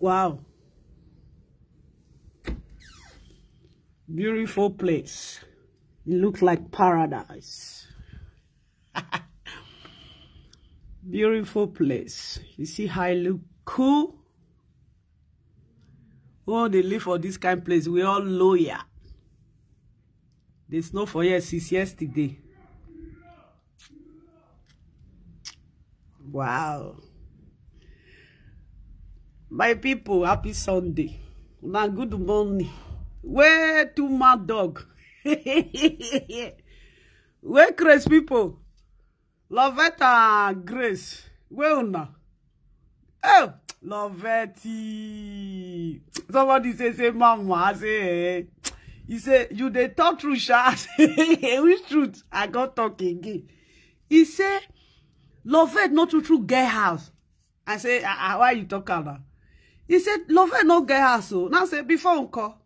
wow. Beautiful place. It looks like paradise. Beautiful place. You see how it look cool? Oh, they live for this kind of place. We all lawyer. There's no for here since yesterday. wow my people happy sunday na good morning wey too mad dog Where grace people Lovetta grace wey una oh eh, loveti somebody say say mama i say eh he say you the talk truth sha which truth i got talk again he say Lovett not to true get house. I say, ah, ah, why you talk about? He said, Lovett no get house. So oh. now say before uncle.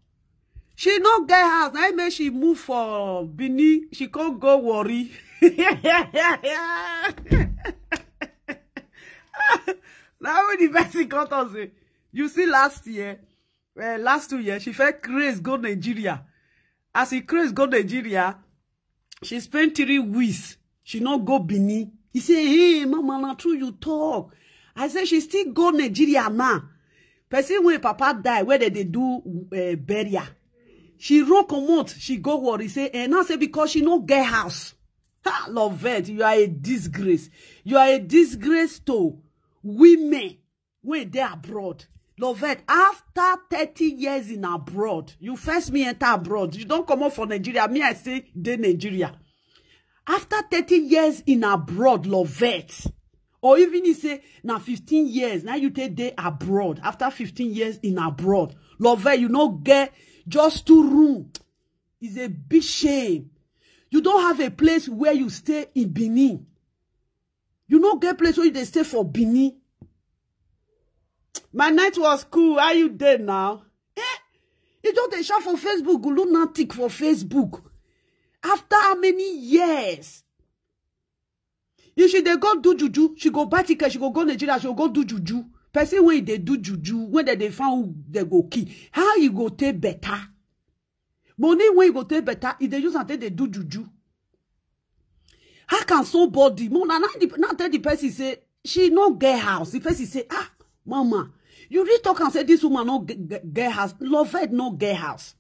She no get house. Now make she move for Benin. She can't go worry. now when the person got us, eh, you see last year, uh, last two years, she felt crazy go Nigeria. As he crazy go Nigeria, she spent three weeks. She no go Benin. He say, hey, mama, not true you talk. I say, she still go Nigeria now. Person when papa die, where they, they do uh, burial. She run comot, she go worry, say, and eh, now say, because she no get house. Ha, Lovette, you are a disgrace. You are a disgrace to women when they abroad. Lovette, after 30 years in abroad, you first me enter abroad. You don't come out for Nigeria. Me, I say, they Nigeria after 30 years in abroad lovette or even if say now 15 years now you take dey abroad after 15 years in abroad lovette you no get just two room is a big shame you don't have a place where you stay in benin you no get place where they stay for benin my night was cool Are you dead now eh You don't dey shout for facebook You gulu natic for facebook after how many years you should dey go do juju she go buy ticket she go go nigeria she go do juju person when they do juju when they dey find who dem go kill how you go take better money when you go take better e dey use am take do juju how can somebody mo now tell the person say she no get house the person say ah mama you really talk and say this woman no get, get, get house lovett no get house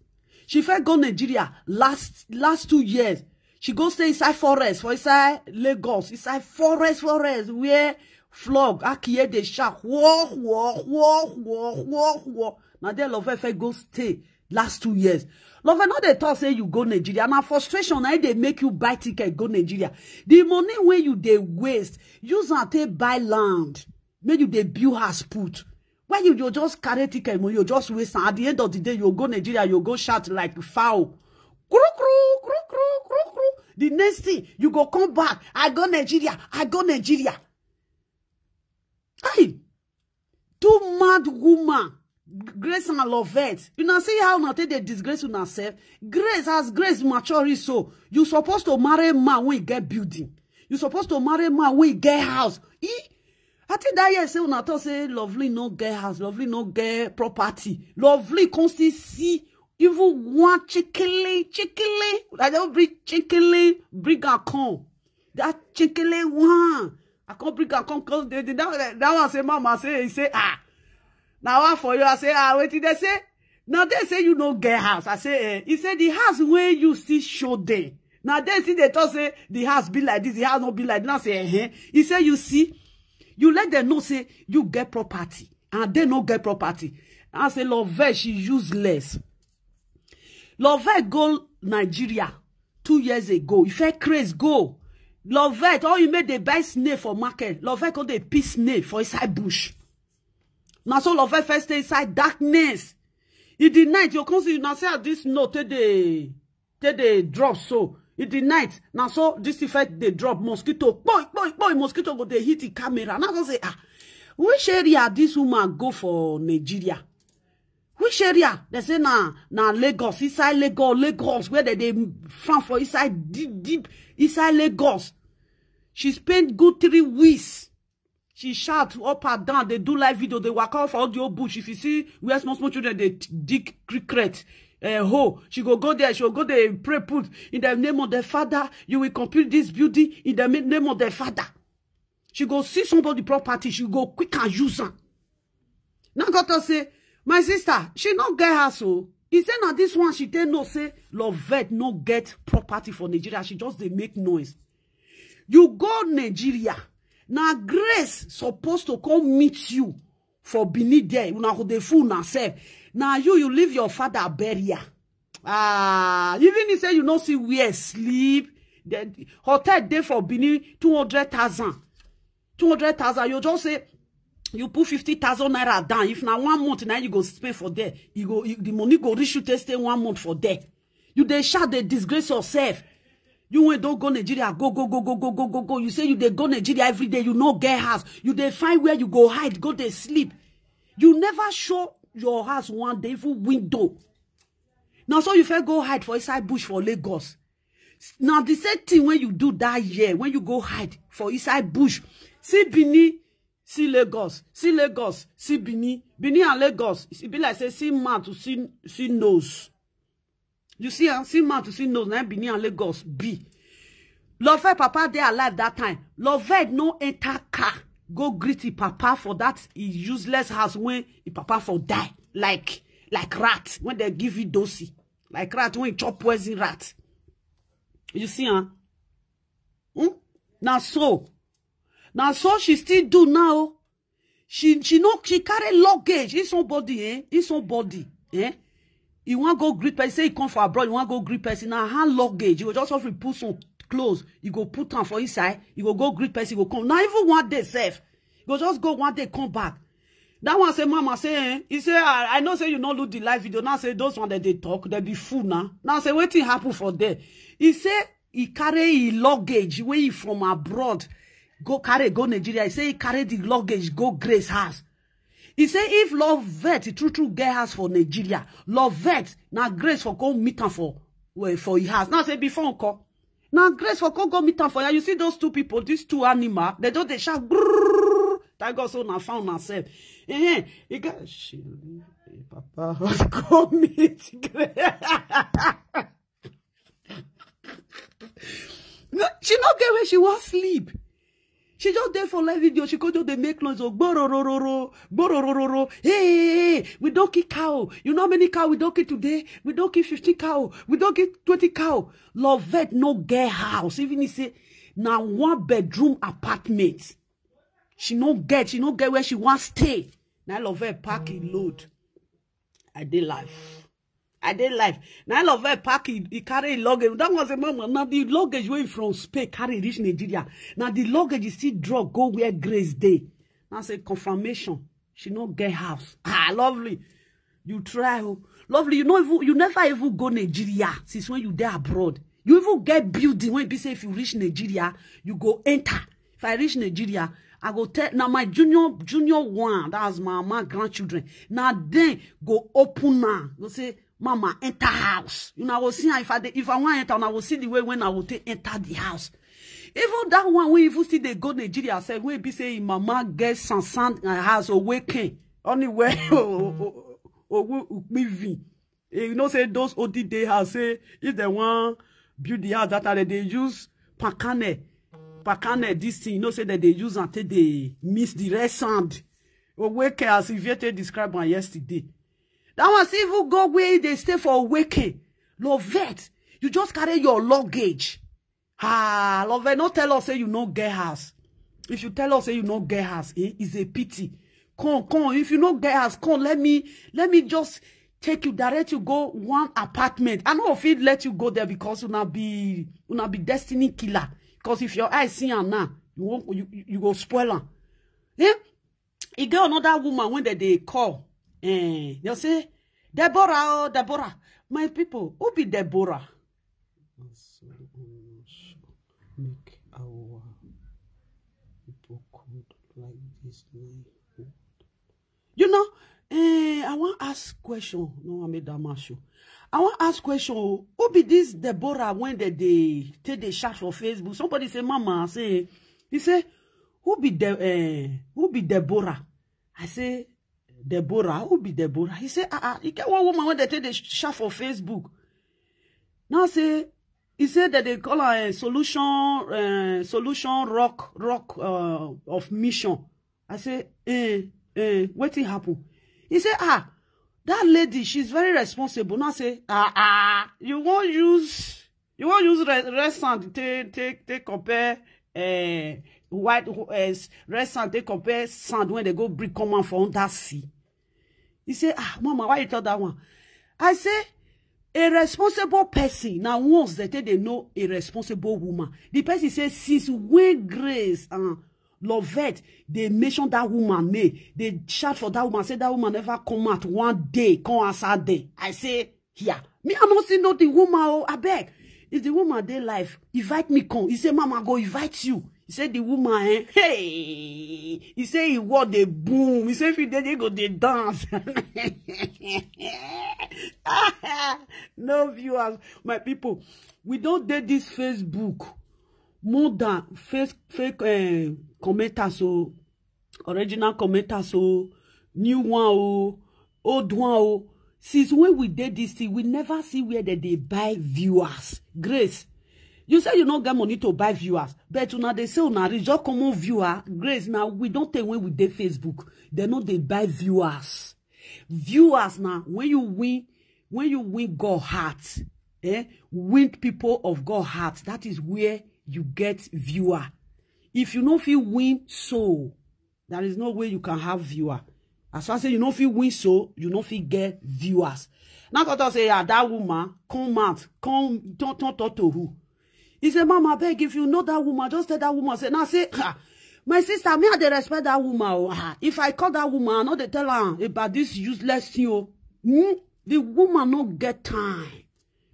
she first go nigeria last last two years she go stay inside forest for inside lagos inside forest forest where flog akiye dey shout woah woah woah woah woah woah na there lofefe go stay last two years love no dey talk say you go nigeria na frustration na e dey make you buy ticket go nigeria The money wey you dey waste use am take buy land make you dey build house put Why you, you just carry ticket, you just waste. At the end of the day, you go Nigeria, you go shout like foul. Kuru, kuru, kuru, kuru, kuru, kuru. The next thing, you go come back. I go Nigeria. I go Nigeria. Hey, two mad woman. Grace and Lovette. You know, see how not they disgrace you yourself. Grace has grace maturity. So you supposed to marry man when you get building. You supposed to marry man when you get house. He, party that year say una talk say lovely no get house lovely no get property lovely come si see even one chikele chikele i don bring chikele bring am come that chikele one i come bring am come come that, that, that one say mama say he say ah na one for you i say ah wetin dey say na dey say you no get house i say eh he say the house where you still show dey na dey still dey talk say the house be like this the house no be like that say eh, eh he say you see you let them know say you get property and they no get property and say lovell she useless lovell go nigeria two years ago ife craze go lovell all you made dey buy snail for market lovell come the piss snail for inside bush Now so lovell first stay inside darkness in the night you come see now say as ah, this note take dey take drop so in the night now, so this effect they drop mosquito boy boy boy mosquito go they hit the camera now. i go say ah which area this woman go for nigeria which area they say now na lagos inside lagos lagos where they they front for inside deep deep inside lagos she spend good three weeks she shout up and down They do live video dey waka for all the old bush if you see where small small children they dig cricket uh, eh, hole. She go go there. She will go there pray put in the name of the Father. You will complete this beauty in the name of the Father. She go see somebody property. She go quick and use her. Now God to say, my sister, she not get her so. Oh. He say now this one she tell no say Lovette no get property for Nigeria. She just they make noise. You go Nigeria. Now grace supposed to come meet you for beneath there. Una go dey fool na self. Now you you leave your father barrier, ah even he say you no see where sleep the hotel dey for benin 200000 200000 you just say you put 50000 naira down if now one month now you go spend for there you go the money go reach you to stay one month for there you dey shout dey disgrace yourself you wey don go nigeria go go go go go go go go you say you dey go nigeria every day you no get house you dey find where you go hide go dey sleep you never show your house one day even window Now, so you fair go hide for inside bush for lagos Now, the same thing when you do that year when you go hide for inside bush see Bini, see lagos see lagos see Bini, Bini and lagos It be like say see man to see see nose you see huh? Ah, see man to see nose Now, Bini and lagos B. lovell papa dey alive that time lovell no enter car go greet him papa for that useless house when him papa for die like like rat when they give you dosi like rat when you chop poison rat you see huh hmm? Now so now so she still do now she she know she carry luggage in somebody eh in somebody eh you want go greet person say you come for abroad you want go greet person Now her luggage you just have to put some clothes you go put on for inside you go go greet person you go come na even one day safe. you go just go one day come back That one say mama say eh e say i know say you no look the live video now say those one that they talk they be full now now say wetin happen for there He say he carry e luggage away from abroad go carry go nigeria He say he carry the luggage go grace house He say if love lovett true true get house for nigeria Love vet now grace for go meet am for well eh, for e house now say before nko Now grace for Congo meet am for ya. You see those two people, these two animals. they don't they shout Thank God, so now found herself. Eh, eh, got she papa go meet she no get where she wan sleep she just dey for live video she go just dey make noise oh gbororororo gbororororo hey we don't kill cow you know how many cow we don't kill today we don't kill 15 cow we don't kill 20 cow Love lovette no get house even he say now one bedroom apartment she no get she no get where she wan stay na lovette pack im load i did life i did life now. I love them pack he carry luggage that one say mama now the luggage went from spain carry reach nigeria Now the luggage is see drug go where grace day. now say confirmation she no get house ah lovely you try oh lovely you know, even you never even go nigeria since when you there abroad you even get building when be say if you reach nigeria you go enter if i reach nigeria i go tell now my junior junior one that's my my grandchildren Now then go open Now go say mama enter house you know i will see if i if i want enter and i will see the way when i will take enter the house even that one when you see dey go nigeria sef wey be say mama get some sand sansan uh, house awaken anywhere owo ukpivin you know say those old they have say if dem wan build the house that are they use pakane pakane this thing you know say dem they use until they miss the red sand awaken oh, as iviete described am yesterday that one's even go where they stay for a waking lovette you just carry your luggage ah lovette no tell us say you no get house if you tell us say you no get house eh it's a pity come come if you no get house come let me let me just take you direct you go one apartment i know if it let you go there because you una be you una be destiny killer because if your eyes see her now you won't you, you go spoil her. Yeah, e get another woman When they they call eh, you see, Deborah, oh, Deborah, my people, who be Deborah? Make our people code like this. You know, eh, I want to ask question. No, I made that mash. I want to ask question. Who be this Deborah when they, they take the chat for Facebook? Somebody say, Mama, say, he say, who be the eh, who be Deborah? I say, deborah who be deborah he say ah ah e get one woman wey dem take the share for facebook now say he said that they call her a eh, solution eh, solution rock rock uh, of mission i say eh eh what wetin happen He say ah that lady she's very responsible now say ah ah you won't use you won't use rest red sand take take compare eh white eh, red sand they compare sand when they go bring common for under sea He say ah mama why you tell that one i say a responsible person Now, once dem take dey know a responsible woman the person say since when grace and lovette they mention that woman name They chat for that woman say that woman never come out one day come answer dem i say yeah me i not still know di woman oh beg, if the woman dey life invite me come He say mama go invite you he say the woman eh, hey he say he wore the boom he say if dey go the dance no viewers my people we don't date this facebook more than fake fake uh, commenters o oh. original commenters o oh. new one or oh. old one o since when we dey this we never see where they dey buy viewers grace you say you no get money to buy viewers but una dey say una reach just common viewer grace na we don take when we dey facebook dem no dey buy viewers viewers na when you win when you win god heart eh win people of god heart that is where you get viewer if you no fit win soul there is no way you can have viewer as far as say you no fit win so you no fit get viewers now god talk say yeah that woman come out come don't talk to who He said, Mama, beg, if you know that woman, just tell that woman. Say, now say, ah, my sister, me, I they respect that woman. Oh, if I call that woman, I know they tell her about this useless thing. Oh. Hmm? The woman not get time.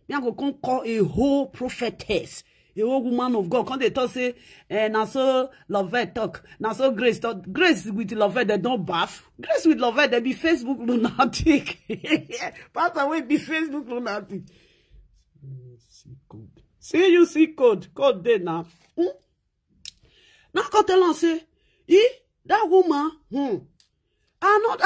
Me, I go come call a whole prophetess. A whole woman of God. Come they talk, say, eh, now so love talk. Now so grace talk. Grace with love, they don't bath. Grace with love, they be Facebook lunatic. Pass away, be Facebook lunatic cuc code code dey now. hmm now go tell am say e dat woman hmm i not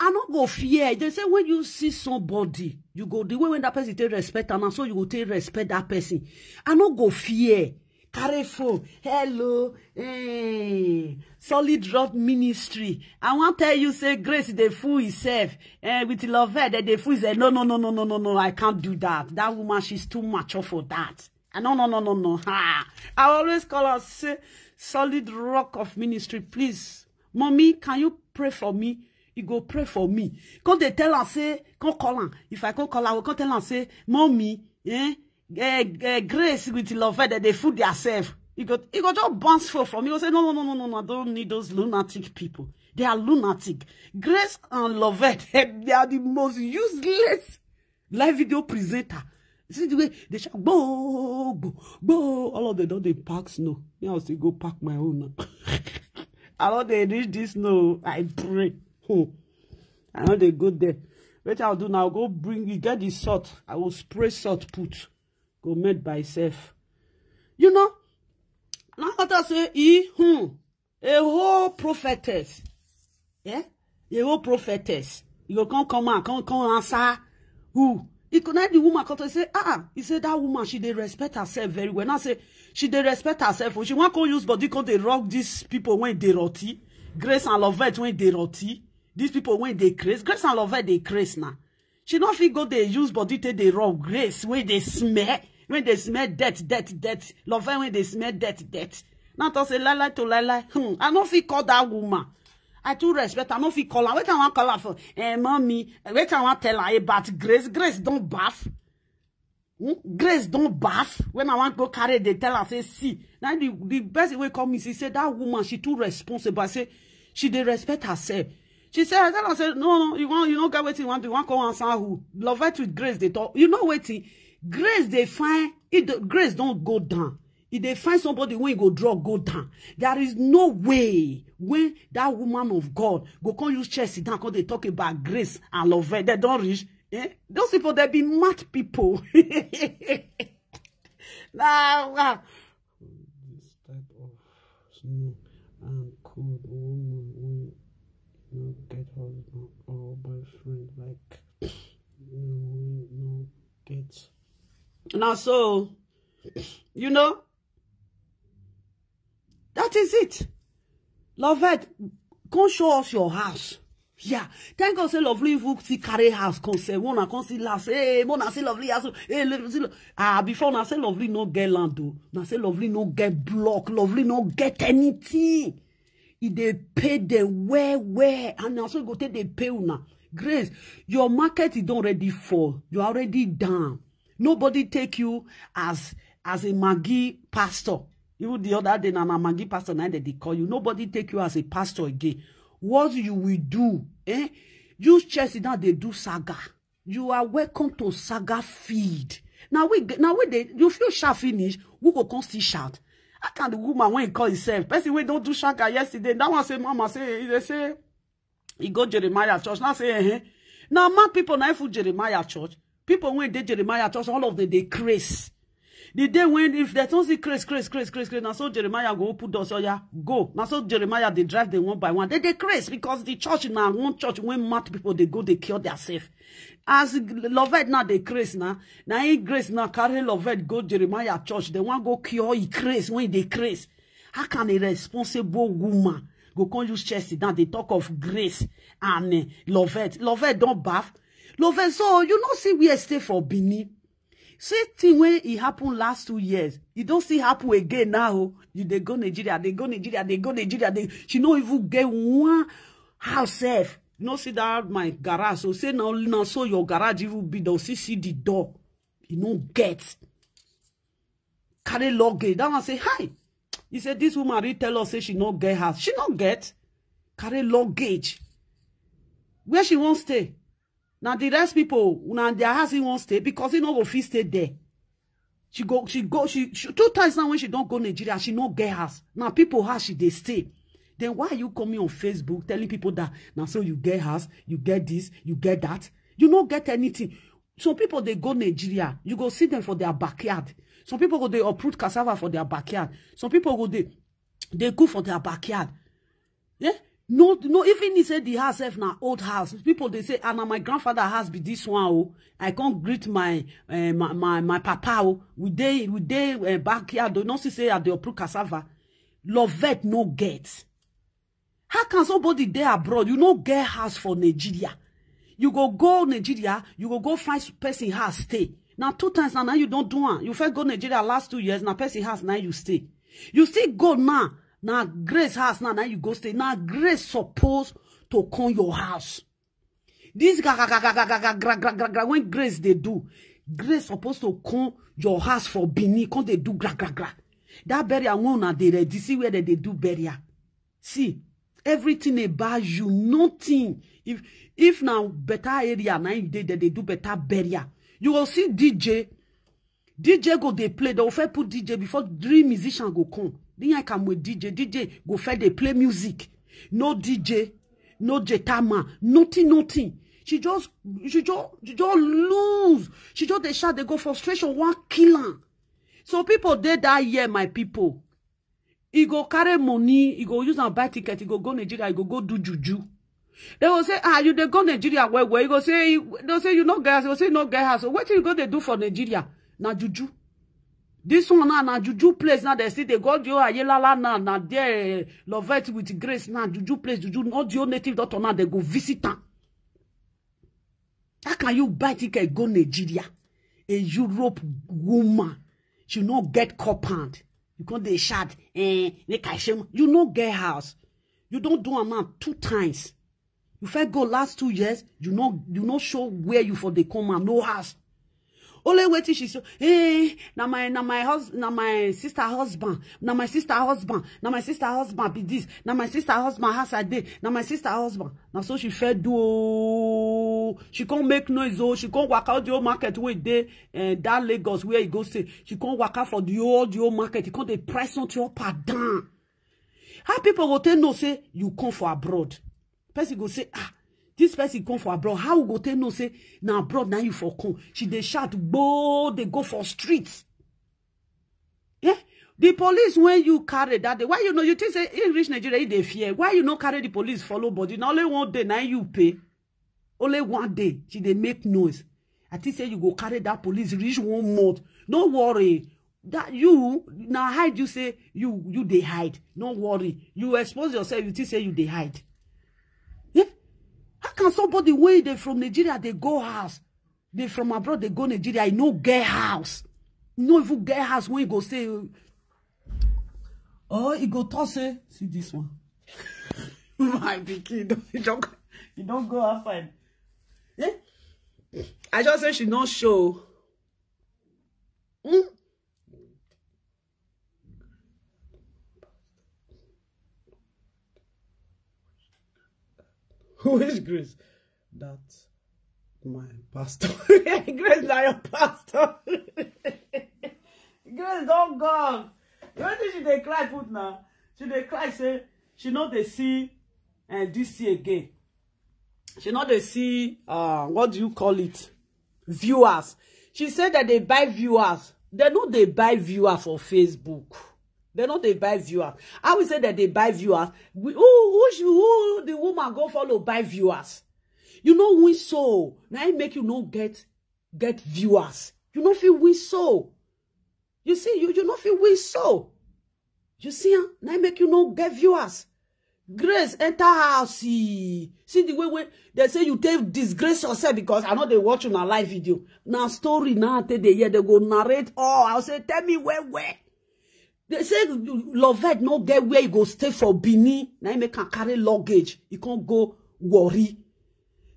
I not go fear they say when you see somebody you go the way when that person take respect am so you go take respect that person i not go fear Careful, hello hey, eh, solid rock ministry i wan tell you say grace the fool herself eh, with love that eh, the fool herself no no no no no no no i can't do that that woman she's too mature for that Ah, no, no, no, no, no. Ha. I always call us say, solid rock of ministry, please. Mommy, can you pray for me? You go pray for me. Quand they tell her, say, can't call her. If I can't call her, we can't tell her, say, Mommy, eh, eh, eh grace with love, that they fool themselves. You go, you go just bounce for from. You go say, no, no, no, no, no, no, I don't need those lunatic people. They are lunatic. Grace and Lovette, they are the most useless live video presenter You see the way they shout, go, go, go. All of them don't they pack snow. Me, I'll still go pack my own. I know they reach this snow. I pray. Hmm. I know they go there. What I'll do now. Go bring you get the salt. I will spray salt put. Go made by self. You know, now I say, e, hmm, a whole prophetess. Yeah? A whole prophetess. You go come come and come come answer who? He e connect the woman come to say ah, ah he said that woman she dey respect herself very well now say she dey respect herself oh she wan come use body come they rock these people when they rotty grace and love it when they rotty these people when they craze grace and love it they craze now. she not fit go they use body take dey rock grace when they smell when they smell death death death love it when they smell death death now talk say lie lie to lie lie hmm i no fit call that woman I too respect. I no fit call her. Wait I want call her for eh, mommy. Wait I want tell her about Grace. Grace don't bath. Hmm? Grace don't bath. When I want go carry, they tell her say see. Now the the best way come is he said that woman she too responsible. I say she dey respect herself. She said, I tell her, say, no, no, you want, you don't get waiting, you want you want to go answer who? Love it with grace, they talk. You know what? Grace, they find, it, e grace don't go down. If e they find somebody when you go draw, go down. There is no way when that woman of god go come use chest sit down come dey talk about grace and love eh, they don't reach eh those people they be mad people na wow. this type of snow and cold woman wey not get husband or boyfriend like wey not get. Now, so you know that is it. Lovette, come show us your house. Yeah, thank God say lovely you see carry house come say one and come see last. Hey, one I say lovely house. Hey, see, ah before I say lovely no get land though. Now say lovely no get block. Lovely no get anything. E dey pay them where where and now so e go take dey pay now. Grace, your market is already full. You already down. Nobody take you as as a Maggie pastor even the other day na na pastor na they call you nobody take you as a pastor again what you will do eh use chest down dey do saga you are welcome to saga feed Now we now we dey you feel sharp finish we go come still shout how can the woman when he call himself? person we don't do shaka yesterday that one say mama say they e say he go jeremiah church now say eh, eh. na man people now full jeremiah church people wey dey jeremiah church all of them dey craze the day when if they don't see craze craze craze craze craze now so jeremiah go put open doors oya go Now so jeremiah they drive them one by one They dey craze because the church now, one church when mad people they go dey cure theirself as Lovett now they craze now. Now he grace now carry Lovett go jeremiah church They want go cure He craze when e dey craze how can a responsible woman go come use chest down dey talk of grace and eh, Lovett. Lovett don't bath. Lovett. so you no see we stay for benin say thing when it e happen last two years You don't see happen again now oh. you they go nigeria they go nigeria they go nigeria They she no even get one house sef no see that my garage so oh. say now now so your garage even be don see see the door You no get carry luggage that one say hi e say this woman really tell us say she no get house she no get carry luggage where she wan stay Now the rest people, now their house e wan stay because e no go fit stay there she go she go she two times now when she don't go nigeria she no get house Now people house she dey stay then why are you coming on facebook telling people that now so you get house you get this, you get that, you no get anything. some people they go nigeria you go see them for their backyard some people go they uproot cassava for their backyard some people go they they cook for their backyard yeah no no even he say the house sef na old house people dey say ah na my grandfather house be this one Oh, i come greet my uh, my, my my papa Oh, we dey we dey uh, backyard o oh. no see say i dey uproot cassava lovette no get how can somebody dey abroad you no get house for nigeria you go go nigeria you go go find person house stay na two times na now you don do am you first go nigeria last two years na person house na you stay you still go now na grace house now na you go stay na grace suppose to come your house dis gra when grace they do grace supposed to come your house for bini. come they do gra gra gra That burial wey una dey ready see where they dey do burial see everything about you nothing if if now better area now you did they dey do better burial you will see dj dj go they play they go first put dj before three musicians go come di yan kam with dj dj go fair dey play music no dj no jetama nothing nothing she just she just she just lose she just dey shout dey go frustration One kill am so people dey that year my people. e go carry money e go use am buy ticket e go go nigeria e go go do juju They go say ah you dey go nigeria well well e go say say you no get house e go say you no get house wetin you go dey do for nigeria na juju This one now, now juju place now they see the they go to Ayelala now now there love it with grace now juju place juju not your native daughter now they go visit her. How can you buy ticket go Nigeria? A Europe woman she no get compound. You come dey shout, eh, make I shame. You no get house. You don't do amount two times. You first go last two years, you know you no show where you for the come and no house only waiting, she say hey now my now my hus na my sister husband now my sister husband now my sister husband be this now my sister husband has a day now my sister husband now so she fed do oh, she can't make noise oh she come waka the whole market wey dey uh, that lagos where e go say she can't walk out for the old the whole market e come dey price something up and down how people will tell no say you come for abroad person go say ah This person come for abroad how we go take know say na abroad na you for come she dey shout gboo dey go for street yeah The police when you carry that, day why you know you think say e nigeria e dey fear why you no carry the police follow body na only one day na you pay only one day she dey make noise i think say you go carry that police reach one month no worry that you now hide you say you you they hide no worry you expose yourself you think say you they hide how can somebody wey they from nigeria they go house They from abroad they go nigeria I know get house e if you get house when you go say oh you go toss say see this one my don't pikin you don't go outside Yeah, i just say she no show mm. Who is Grace? That's my pastor. Grace, not your pastor. Grace, don't go. You know thing she dey cry put now, she dey cry say she no dey see and eh, this year again. She no dey see, uh, what do you call it? Viewers. She said that they buy viewers. They no they buy viewers for Facebook. They no dey buy viewers i will say that dey buy viewers who who who the woman go follow buy viewers you know we so now im make you no get get viewers you no feel we so you see you you no feel we so you see huh? Now im make you no get viewers grace enter house see the way wey they say you take disgrace yourself because i know they watch a live video Now story now take dey hear they go narrate Oh i say tell me where where they say lovett no get where e go stay for Bini. na im make am carry luggage e can't go worry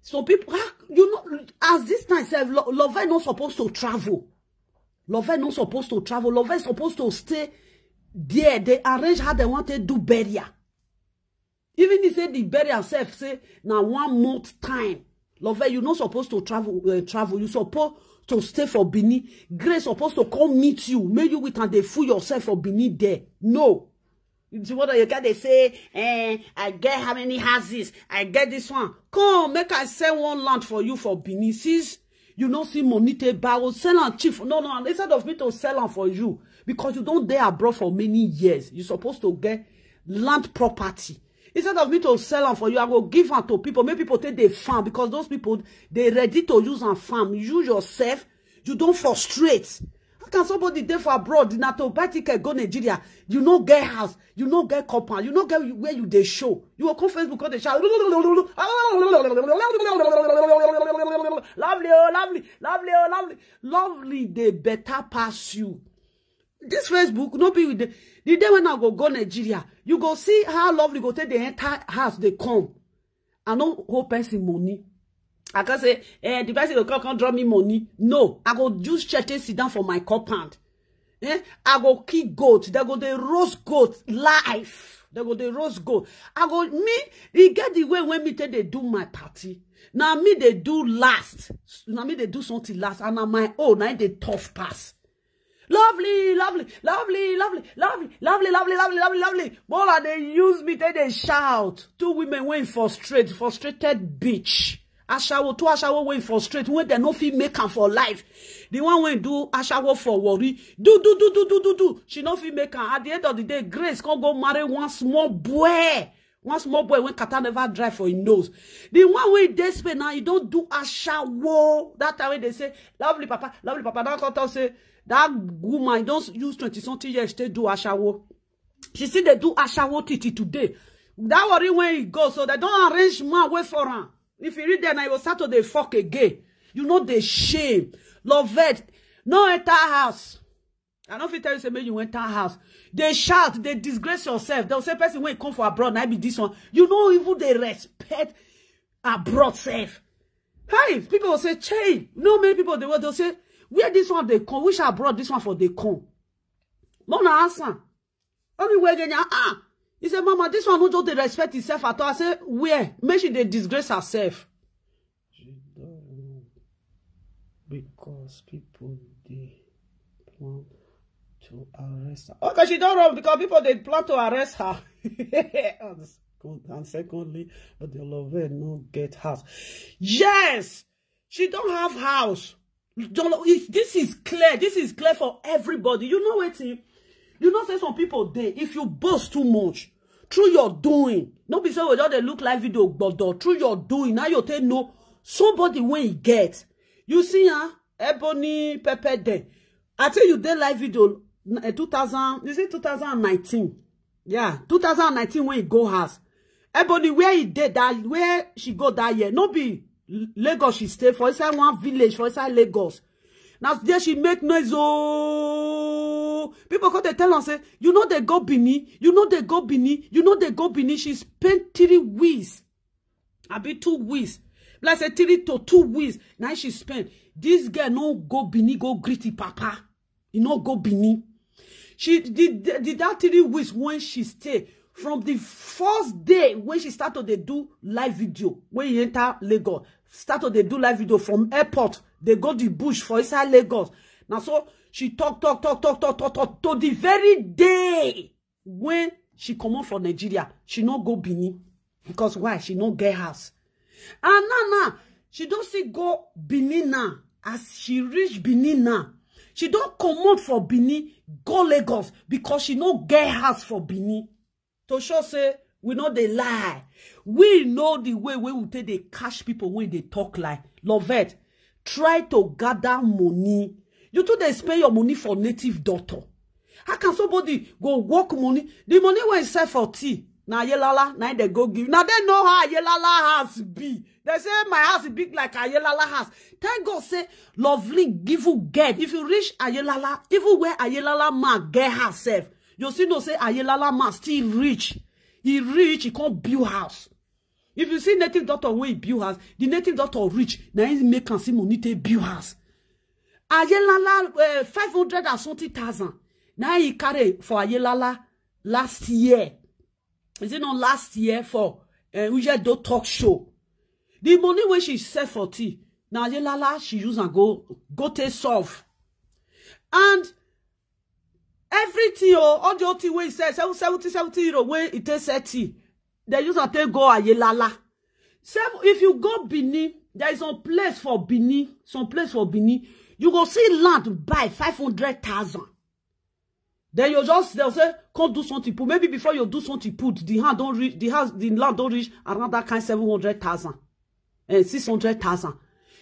some pipo ah, you know as this time sef lovett no supposed to travel lovett no supposed to travel lovett supposed to stay there They arrange how they wan to do burial even he say the burial sef say now one month time lovett you no supposed to travel eh, travel you suppose to stay for Benin. Grace supposed to come meet you, make you with and they fool yourself for Benin there. No. you It's what you can they say, eh, I get how many houses, I get this one. Come, make I sell one land for you for Benin. Since you no see money to sell on chief. No, no, instead of me to sell on for you, because you don't dare abroad for many years, you're supposed to get land property instead of me to sell am for you i go give am to people make people take the farm because those people dey ready to use am farm you yourself you don't frustrate how can somebody there for abroad Not to buy ticket go nigeria you no get house you no get compound you no get where you they show you go come facebook come dey shout lovely oh lovely lovely oh lovely lovely They better pass you this facebook no be with the the day when i go go nigeria you go see how lovely go take the entire house they come i no hold person money i can say eh the person go come come draw me money no i go use chete sit down for my compound eh i go keep goat They go the roast goat life. They go the roast goat i go me He get the way when me take they do my party Now me they do last Now me they do something last and na my own na they tough pass lovely lovely lovely lovely lovely lovely lovely lovely lovely lovely bola they use me They they shout two women went frustrated, frustrated bitch aṣawo two aṣawo went frustrated. wey they no feel make am for life the one went do aṣawo for worry do do do do do do do she no feel make am at the end of the day grace can go marry one small boy one small boy when kata never dry for him nose the one wey desperate now e don't do aṣawo that time wey dey say lovely papa lovely papa Now come say that woman don't use 20 something years to do ashawo she see they do ashawo titi today that worry when he go so they don't arrange man wey for am if you read there I will start to dey fuck again you know the shame love it. no enter house i don't feel tell you say make you enter house They shout They disgrace yourself dem say person when you come for abroad na be this one you know even they respect abroad sef hey people will say change no many people dey world they'll say where this one dey come which I brought this one for dey come mona answer only where again ah, ah he said, mama this one no just dey respect herself at all i say where make she dey disgrace herself she don because people they plan to arrest her okay she don't run because people they plan to arrest her and secondly but the lover no get house yes she don't have house if this is clear this is clear for everybody you know what? Eh? you know say some people. dey if you boast too much through your doing don't be say we oh, just dey look like video gbodo through your doing now you tell no somebody when you get you see huh? Ah, ebony Pepe dem i tell you they live video in eh, 2000 you see 2019 yeah 2019 when e go house ebony where he did that? where she go that year no be lagos she stay for inside one village for inside lagos Now there she make noise Oh, people come dey tell am say you know they go bini. you know they go bini. you know they go bini." she spent three weeks abi two weeks like say three to two weeks Now she spent this girl no go bini go gritty papa You e no go bini. she did did that three weeks when she stay from the first day when she started. to do live video when e enter lagos start to dey do live video from airport They go the bush for inside lagos Now so she talk talk talk talk talk talk talk to the very day when she come comot from nigeria she no go benin because why she no get house and now now she don't see go benin now as she reach benin now she don't come comot for benin go lagos because she no get house for benin to show say we know they lie we know the way wey we take dey catch people wey dey talk like lovett try to gather money you too dey spend your money for native doctor how can somebody go work money the money wey sell for tea na ayelala na dem go give na dem know how ayelala house be dem say my house big like ayelala house thank god say lovely give you get if you reach ayelala even where ayelala man get herself you still know say ayelala man still rich He rich He come build house if you see native doctor wey build house the native doctor rich Now he make can see money take build house ayelala eh, five hundred and something thousand Now he carry for ayelala last year is it not last year for eh, ujedo do talk show the money when she sell for tea na ayelala she use and go go take solve and everything o oh, all the other thing wey he sell seventy seventy euro Where it take sell They use to take go Ayelala. So if you go Bini, there is some place for Bini. some place for Bini. You go see land buy five hundred thousand. Then you just they'll say, come do something put. Maybe before you do something put, the hand don't reach the house, the land don't reach around that kind thousand and eh, six hundred thousand.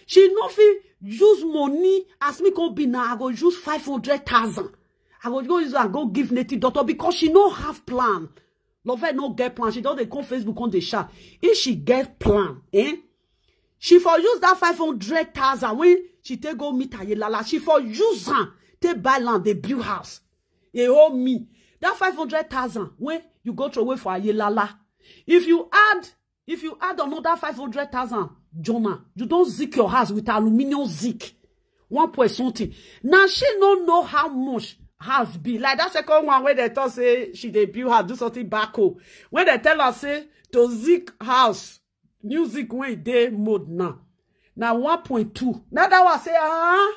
She no fit use money as me go be now. I go use five hundred thousand. I go go use and go give native daughter because she no have plan. Lovell no get plan. She don't they come Facebook on the chat. If she get plan, eh? She for use that 500,000 when she take go meet Ayelala. She for use her take buy land, the build house. They owe me. That 500,000 when you go throw away for Ayelala. If you add, if you add another 500,000, Jonah, you don't zik your house with aluminium zik. One point something. Now she don't know how much house be like that second one where they thought say she debut build do something back home wey dem tell her say to zik house music zik wey e mode now na 1.2 Now that one say ah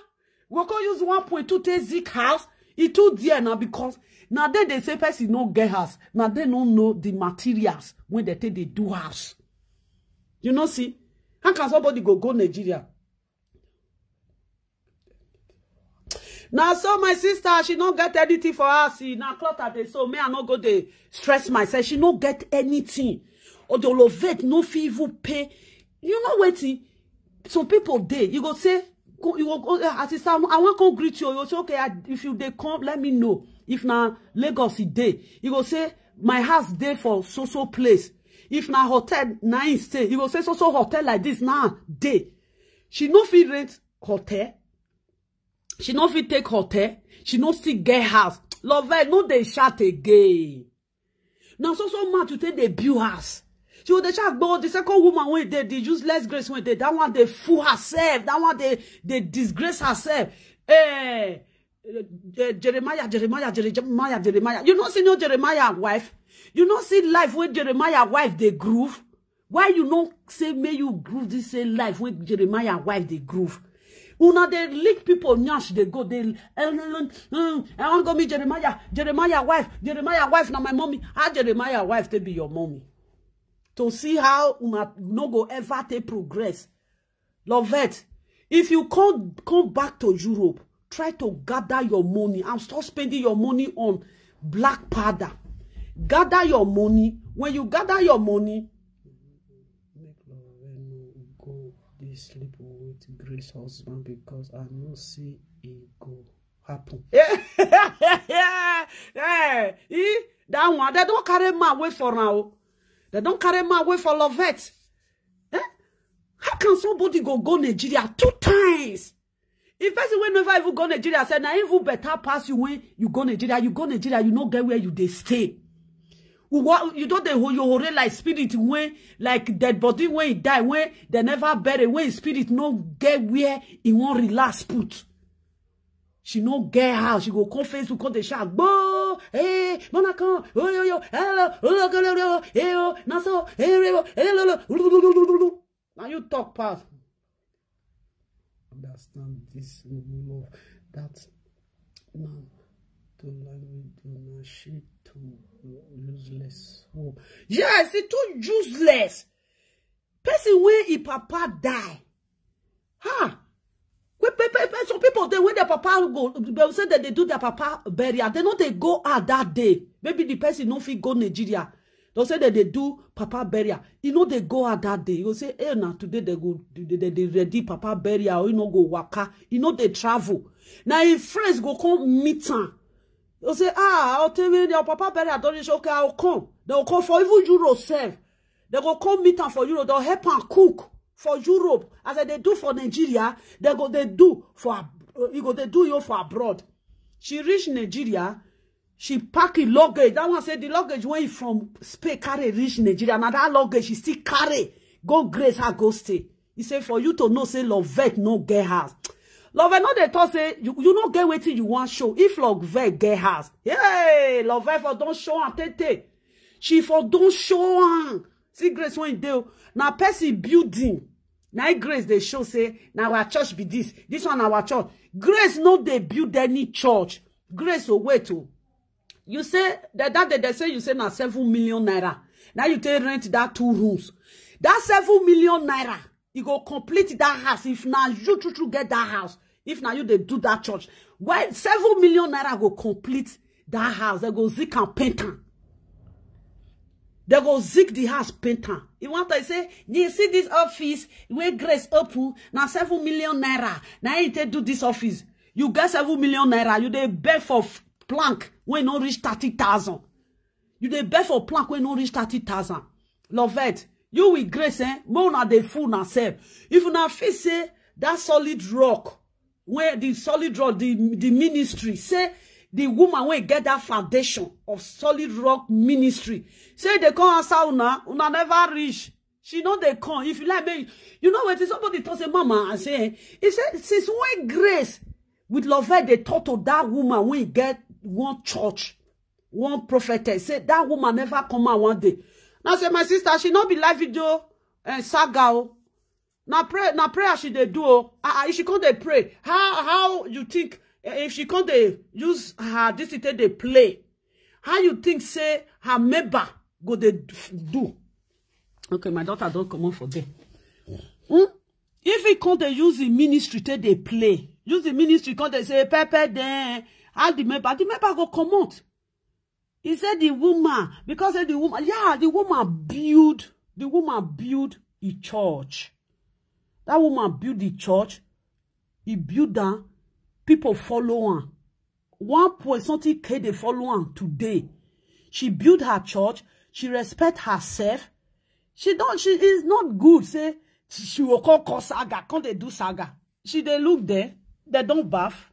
we can use 1.2 to zik house It e too dear now because now then they say person no get house Now they don't know the materials when they take they do house you know see how can somebody go go nigeria Now, so my sister she no get anything for her see now, cloth at the so may i no go dey stress myself she no get anything the odolovate no fee even pay you know wetin some people dey you go say you go uh, as sister i want come greet you you say okay if you they come let me know if now lagos e dey you go say my house dey for so so place if now hotel na stay you go say so so hotel like this now day. she no fee rent hotel she no fit take hotel she no still get house lovell no dey shout again Now so so much you take the build house she go dey shout gboo the second woman when they the useless grace when they that one they fool herself that one they they disgrace herself eh, eh jeremiah jeremiah jeremiah jeremiah you no see no jeremiah wife you no see life wey jeremiah wife they groove why you no say may you groove this same life wey jeremiah wife they groove una they lick people? nyash they go dey i want go meet jeremiah jeremiah wife jeremiah wife now my mommy how ah, jeremiah wife They be your mommy to see how una no go ever take progress lovette if you can't come back to europe try to gather your money and stop spending your money on black powder gather your money when you gather your money make go dey sleep grace husband because I know see it e go happen. Yeah, yeah, hey, e, that one, they don't carry my way for now. They don't carry my way for Lovette. Eh? How can somebody go go Nigeria two times? If person wey never even go Nigeria, say now, even better pass you when you go Nigeria, you go Nigeria, you no get where you they stay you don dey yohore like spirit wey like dead body wey e die wey dem never bury wey spirit no get where e wan relax put she no get house she go come facebook come dey shout gboo hey eh, monaco oyoyo hello ologololo eyo naso erebo elelolo ulululululu na you talk pass. understand this love that man don't like video shit too useless oh. yes e too useless person when his papa die huh some people they when their papa go dem say that they do their papa burial They know they go out that day maybe the person no fit go nigeria dem say that they do papa burial e know they go out that day you go say eh now today they go they they ready papa burial or e no go waka e know they travel Now im friends go come meet am you say ah I'll tell otemi your papa bury adonis okay I'll come They'll come for even euro serve. they go come meet am for europe They'll help am cook for europe as i dey do for nigeria they go they do for you go they do you for abroad she reach nigeria she pack her luggage that one said the luggage wey from spain carry reach nigeria na that luggage she still carry go grace her go stay e say for you to know say lovett no get house love no dey talk say you you no get wetin you want show if love get has hey love for don't show am tete she for don't show am see grace when e dey o na person building now e grace they show say now our church be this this one our church grace no dey build any church grace o wait o you say that that they say you say now seven million naira now you take rent that two rooms that seven million naira You go complete that house if now you true true get that house if now you they do that church well several million naira go complete that house They go zik and paint am They go zik the house paint am You want tok say you see this office wey grace open Now several million naira Now you take do this office you get several million naira you they beg for plank when no reach thirty thousand you they beg for plank when no reach thirty thousand Love it you with grace eh more na the fool na self if una fit say that solid rock where the solid rock the the ministry say the woman will get that foundation of solid rock ministry say they come answer una una never reach she know they come if you like me, you know wetin somebody talk say mama and say eh? he say since when grace with love they talk to that woman will get one church one prophetess say that woman never come out one day Now say my sister, she not be live video and eh, saga oh. Now pray, now prayer she they do oh. Uh, if she can't they pray, how how you think eh, if she can't they use her this it they play? How you think say her member go they do? Okay, my daughter don't come on for there. Hmm? If he can't they use the ministry to they play, use the ministry can't they say pepper then. All the member, the member go come out. He said the woman, because the woman, yeah, the woman build the woman build a church. That woman build the church. He build that. People follow her. One point something K they follow her today. She build her church. She respect herself. She don't, she is not good, say, she will call, call saga, call they do saga. She, they look there, they don't bath.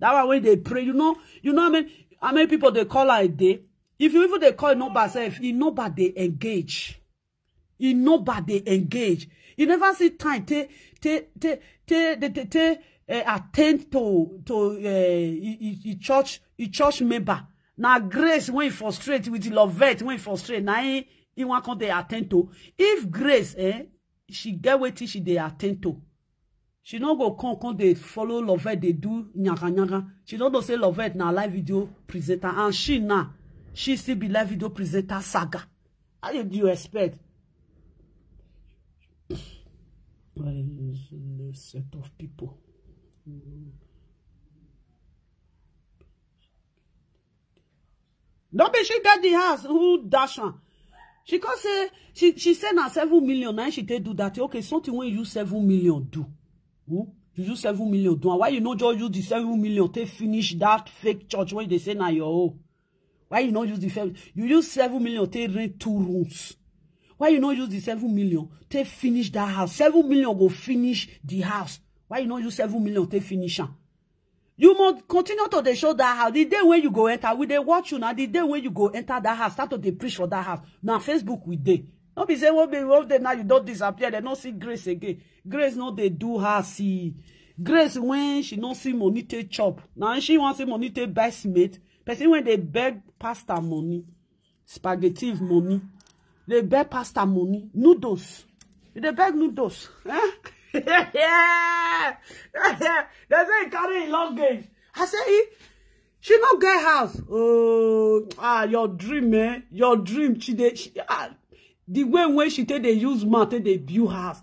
That way they pray, you know, you know what I mean? how many people they call her a day if you even they call number sef e number dey engage e number dey engage you never see time te te te te take eh, attend to to e church church member Now grace when e frustrate with it when e frustrate Now e, e wan come dey attend to if grace eh she get wetin she dey attend to she no go come come dey follow lovett dey do nyaga nyaga she don know say lovett na live video presenter and she na she still be live video presenter saga how did you expect. Well, a set of people. Don't be she get the house who dash am. She can say she she said now seven million now she take do that. Okay, something when you seven million do. Hmm? You use 7 million. Do why you not just use the 7 million to finish that fake church when they say now your own? Why you not use the 7 You use 7 million to rent two rooms. Why you not use the 7 million to finish that house? 7 million go finish the house. Why you not use 7 million to finish it? You must continue to the show that house. The day when you go enter, we they watch you now. The day when you go enter that house, start to preach for that house. Now Facebook we day no be saying, well, day one day now you don't disappear They no see grace again grace no they do her see grace when she no see money take chop Now she wan see money take buy cement person when they beg pasta money spaghetti money They beg pasta money noodles They beg noodles eh They say carry e luggage i say e she no get house oh ah your dream eh your dream she dey ah the way when she take they use mouth take dey build house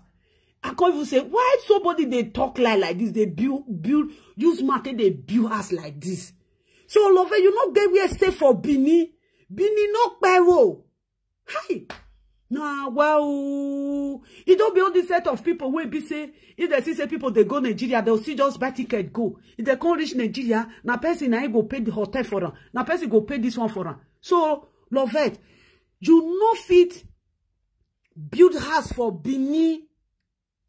i can't even say why somebody they talk like like this they build build use mouth take dey build house like this so olove you no get where stay for Bini benin no pero hi nah well ooo don't be all this set of people where be say if they see say people they go nigeria dem see just buy ticket go if they come reach nigeria Now person na go pay the hotel for am Now person go pay this one for am so Lovette, you no fit build house for benin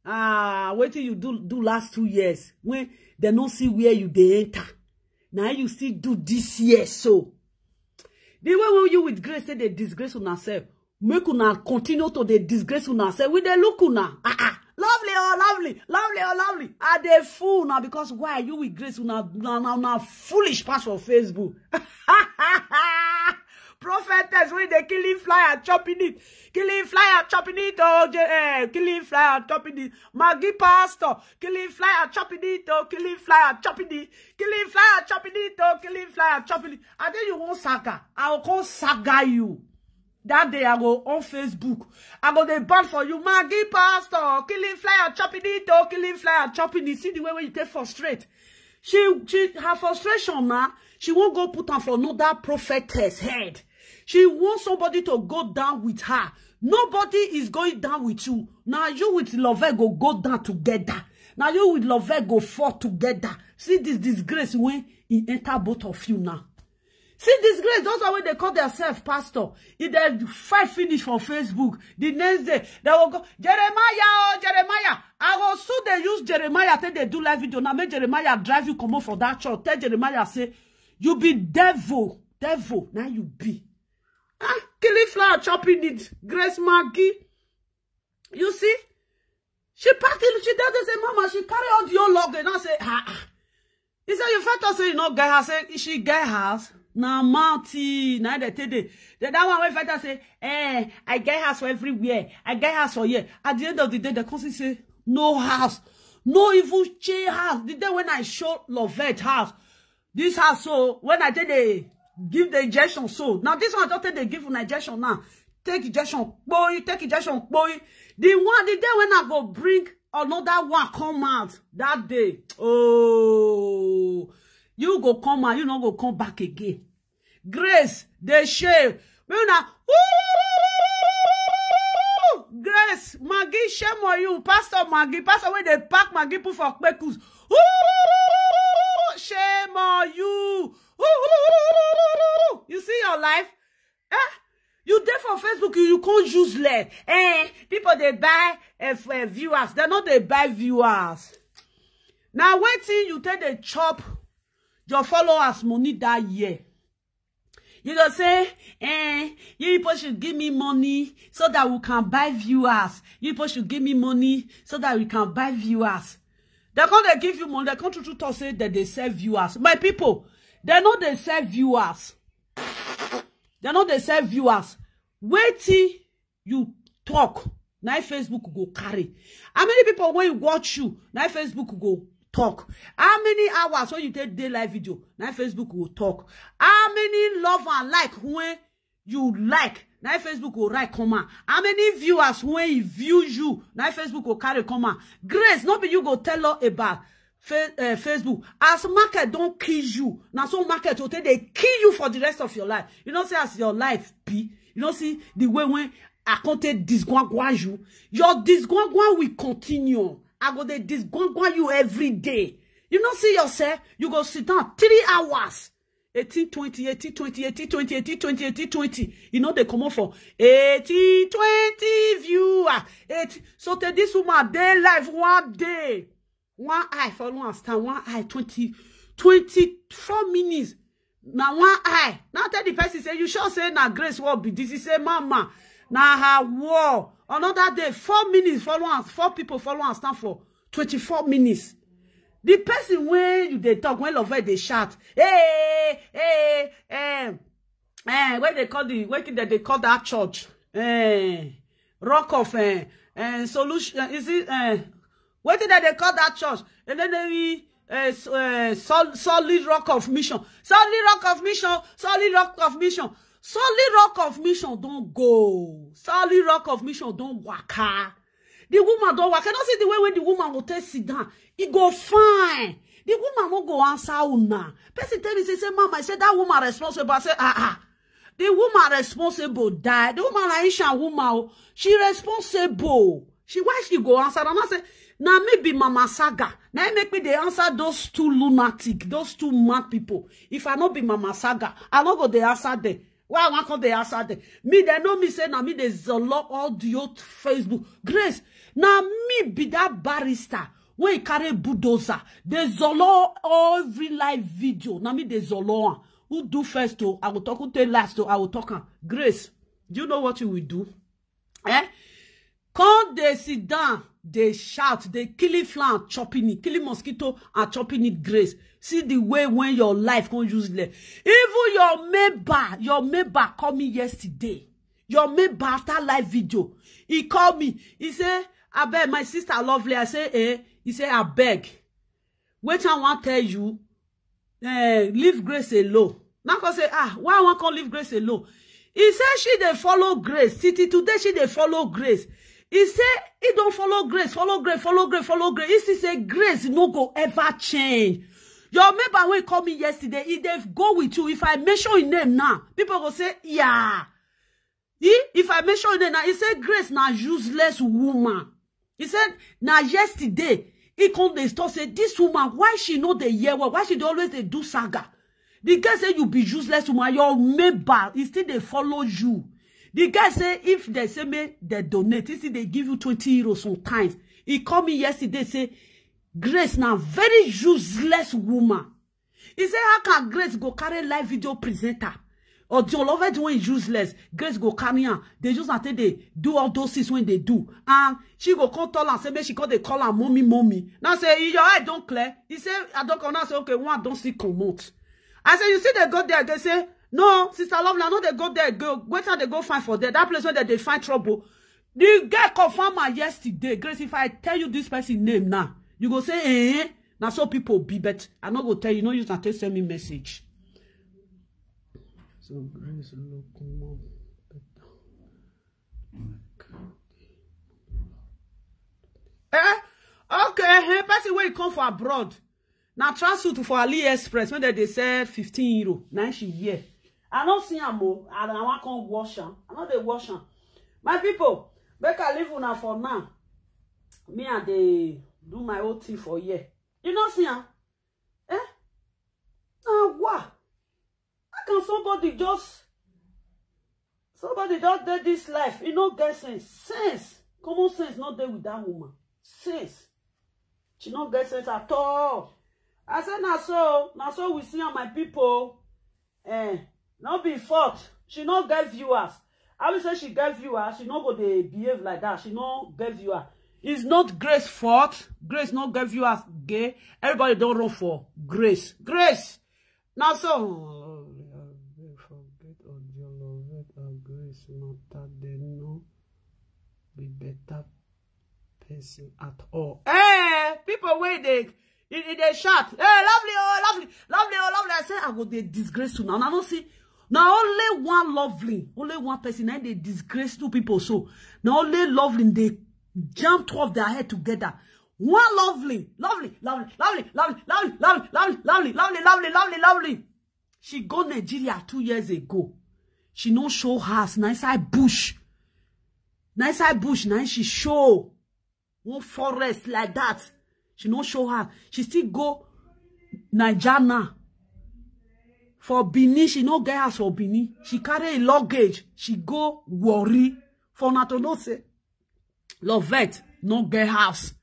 ah wetin you do do last two years when they no see where you they enter Now you still do this year so the way when you with grace say they disgrace on sef make una continue to the disgrace una sef we the look una ah ah lovely oh lovely lovely oh lovely Are they fool now? because why you with grace una una una foolish pass for facebook prophetess wey dey killing fly and chopping it killing fly and chopping it oh eh, killing fly and chopping it magi pastor killing fly and chopping it oh killing fly and chopping it killing fly and chopping it oh killing fly and chopping it and then you wan saga i go come saga you that day i go on facebook i go dey burn for you magi pastor killing fly and chopping it oh killing fly and chopping it see the way wey you take frustrate she she her frustration na she won't go put on for another prophetess head She wants somebody to go down with her. Nobody is going down with you. Now you with Love go go down together. Now you with Love go fall together. See this disgrace when he enter both of you now. See disgrace. grace, those are when they call themselves pastor. If they fight finish for Facebook, the next day they will go, Jeremiah, oh Jeremiah. I will so they use Jeremiah till they do live video. Now make Jeremiah drive you come out for that church. Tell Jeremiah, say, you be devil, devil. Now you be. Ah, flower chopping it. Grace Maggie. You see? She packed it. She doesn't say, Mama, she carry all your log. And I say, ah, ah. He said, you felt say you know get her. Say, she get house. Na Marty, na the today. The that one way fighter say, eh, I get house for everywhere. I get house for here. At the end of the day, the cousin say, no house, no evil chair house. The day when I show Lovette house, this house so when I tell the give the injection so now this one don't take they give an injection now take injection boy take injection boy the one the day when i go bring another one come out that day oh you go come out you no go come back again grace dey share wey una grace maggie shame on you pastor maggie pastor wey dey pack maggie put for kpekus shame on you You see your life? Eh? You dey for Facebook, you, you can't use less. Eh, people they buy eh, for, eh, viewers. They not they buy viewers. Now waiting, you tell the chop your followers money that year. You gonna say, eh, you people should give me money so that we can buy viewers. You people should give me money so that we can buy viewers. They come, they give you money. They come to, to talk, say that they sell viewers. My people, dem no dey sell viewers dem no dey sell viewers till you talk now facebook go carry how many people when you watch you now facebook go talk how many hours when you take dey live video now facebook will talk how many love and like when you like now facebook will write comma how many viewers when e views you now facebook will carry comma grace no be you go tell her about Eh, facebook as market don't kill you na so market go they kill you for the rest of your life you don't see as your life be you don't see the way when i con take disgwangwa you your disgwangwa will continue i go dey disgwangwa you every day you don't see yourself you go sit down three hours 18 20 18 20 18 20 18 20 18 20 you know dey comot for 18 20 viewer 18 so tey dis woman dey life one day one eye for one stand one eye 20 24 minutes Now one eye now tell the person say you sure say now grace will be this he say mama Now her war another day four minutes follow am four people follow and stand for 24 minutes the person when you dey talk when love they shout hey hey hey eh, eh when they call the wey dem they call that church eh rock of eh, eh solution is it eh wetin dem dey call dat church elenemi eh, eh, solid rock of mission solid rock of mission solid rock of mission solid rock of mission don go solid rock of mission don waka di woman don waka no see di way wey di woman go take sit down e go fine di woman no go answer una person tell me say say mama i say dat woman responsible i say ah ah di woman responsible die di woman na isha woman o she responsible she why she go answer and i say Now me be mama saga Now make me dey answer those two lunatic those two mad people. if i not be mama saga i not go the answer there. why i wan come dey answer there? me they know me say na me they zolo all di facebook grace now me be that barrister wey carry bulldozer They zolo every live video Now me they zolo am who do first to i will talk who take last to i will talk grace do you know what you will do eh Quand they sit down, they shout, they killing flan, chopping it, killing mosquito and chopping it grace. See the way when your life come useless. Even your member, your member called me yesterday. Your member after live video. He called me. He say, Abeg, my sister lovely. I say, eh. He say, Abeg. beg. Wait, I want tell you. Eh, leave grace alone. Now I say, ah, why I want to leave grace alone? He say she dey follow grace. Titi today she dey follow grace. He say he don't follow grace, follow grace, follow grace, follow grace. He say grace no go ever change. Your member when he called me yesterday, he they go with you. If I mention his name now, people go say, yeah. He, if I mention his name now, he said grace now useless woman. He said now yesterday, he come the store say this woman, why she know the year well, why she they always they do saga? The girl say you be useless woman, your member, he still they follow you the guy say if they say me they donate you see they give you 20 euros sometimes he call me yesterday say grace now very useless woman he say how can grace go carry live video presenter or john lovett when he's useless grace go carry on. They just am take dey do all those things when they do and she go call tall and say make she call they call am mommy mommy now say your eye don't clear he say i don't come now say okay one don't see comot i say you see they go there they say no sister Loveland no they go there go wetin they go find for there that place where they they find trouble the girl confirm my yesterday grace if i tell you this person's name now you go say eh Now so people be but i not go tell you no use na send me message. so grace look more eh okay eh person you come for abroad Now transfer to for aliexpress when dem they said fifteen euro Now she yeah i no see am o I don't want come wash am i no dey wash am my people, make i leave una for now me and they do my whole thing for year. you no see am eh na what? how can somebody just somebody just did this life You e no get sense sense common sense not there with that woman sense she no get sense at all i say now so now so we see am my people, eh not be fault she no get viewers i will say she get viewers she not go to behave like that she no get viewers it's not grace fault grace no get viewers gay everybody don't run for grace grace Now so. forget eh, of your love and grace matter dem no be better person at all. Hey, people waiting. dey e a e shot. hey eh, lovely oh lovely lovely oh lovely i say i go dey disgrace una now. no see Now only one lovely only one person and they disgrace two people so now only lovely they jump two of their head together one lovely lovely lovely lovely lovely lovely lovely lovely lovely lovely lovely lovely she go nigeria two years ago she no show house nice eye bush nice eye bush Now she show one forest like that she no show her. she still go nigeria for benin she no get house for benin she carry a luggage she go worry for na know say lovette no get house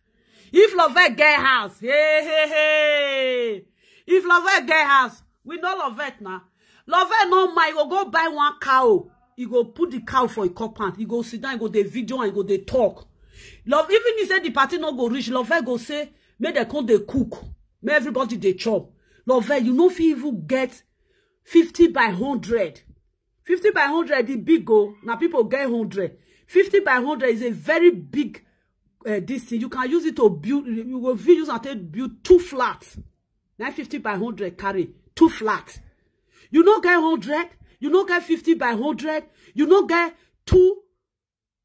if lovette get house hey hey hey if lovette get house we know lovette now. lovette no mind go go buy one cow He go put the cow for a compound He go sit down He go the video and he go dey talk love even he say the party no go rich. lovette go say make they come dey cook make everybody they chop lovette you no fit even get 50 by 100. 50 by 100 is big go. Now people get 100. 50 by 100 is a very big uh, this thing. You can use it to build, you will use and take build two flats. 950 by 100 carry, two flats. You no get 100, you no get 50 by 100, you no get two,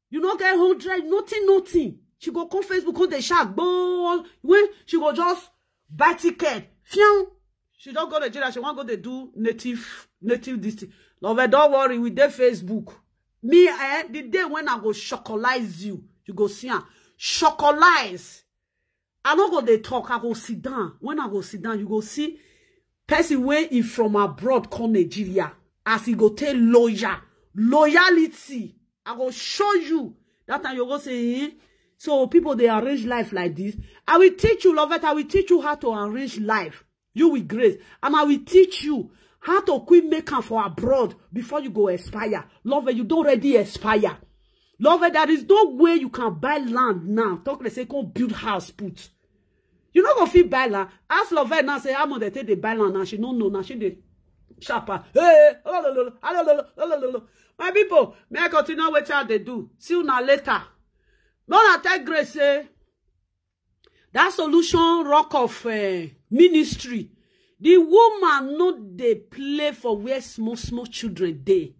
you no get 100, nothing, nothing. She go come Facebook, come the shark ball. when she go just buy ticket, fiam, she don't go nigeria she wan go dey do native native this. thing love don worry we dey facebook me eh the day when i go chocolize you you go see am chocolize i no go dey talk i go sit down When i go sit down you go see person wey he from abroad come nigeria as he go tell loyal loyalty i go show you That time you go say eh so people they arrange life like this. i will teach you Lovette. i will teach you how to arrange life you with grace and i will teach you how to quit making for abroad before you go expire love you don't already expire love there is no way you can buy land now talk like say go build house put you no go fit buy land ask love now say how much they take dey buy land now. she no know now. she dey sharper hey my people, may i continue what child they do see you now later no na tell grace say eh? dat solution rock of uh, ministry the woman not dey play for where small small children they.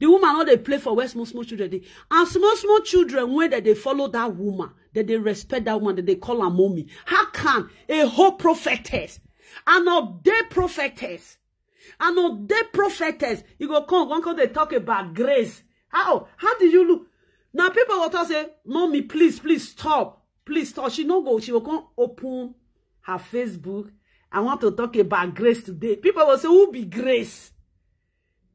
the woman not dey play for where small small children they. and small small children where dem they follow that woman that they respect that woman that they call her mommy how can a whole prophetess an ordained prophetess an ordained prophetess you e go come one come dey talk about grace how how did you look Now people will talk say mommy please please stop please stop she no go she will come open her Facebook. I want to talk about grace today. People will say, who be grace?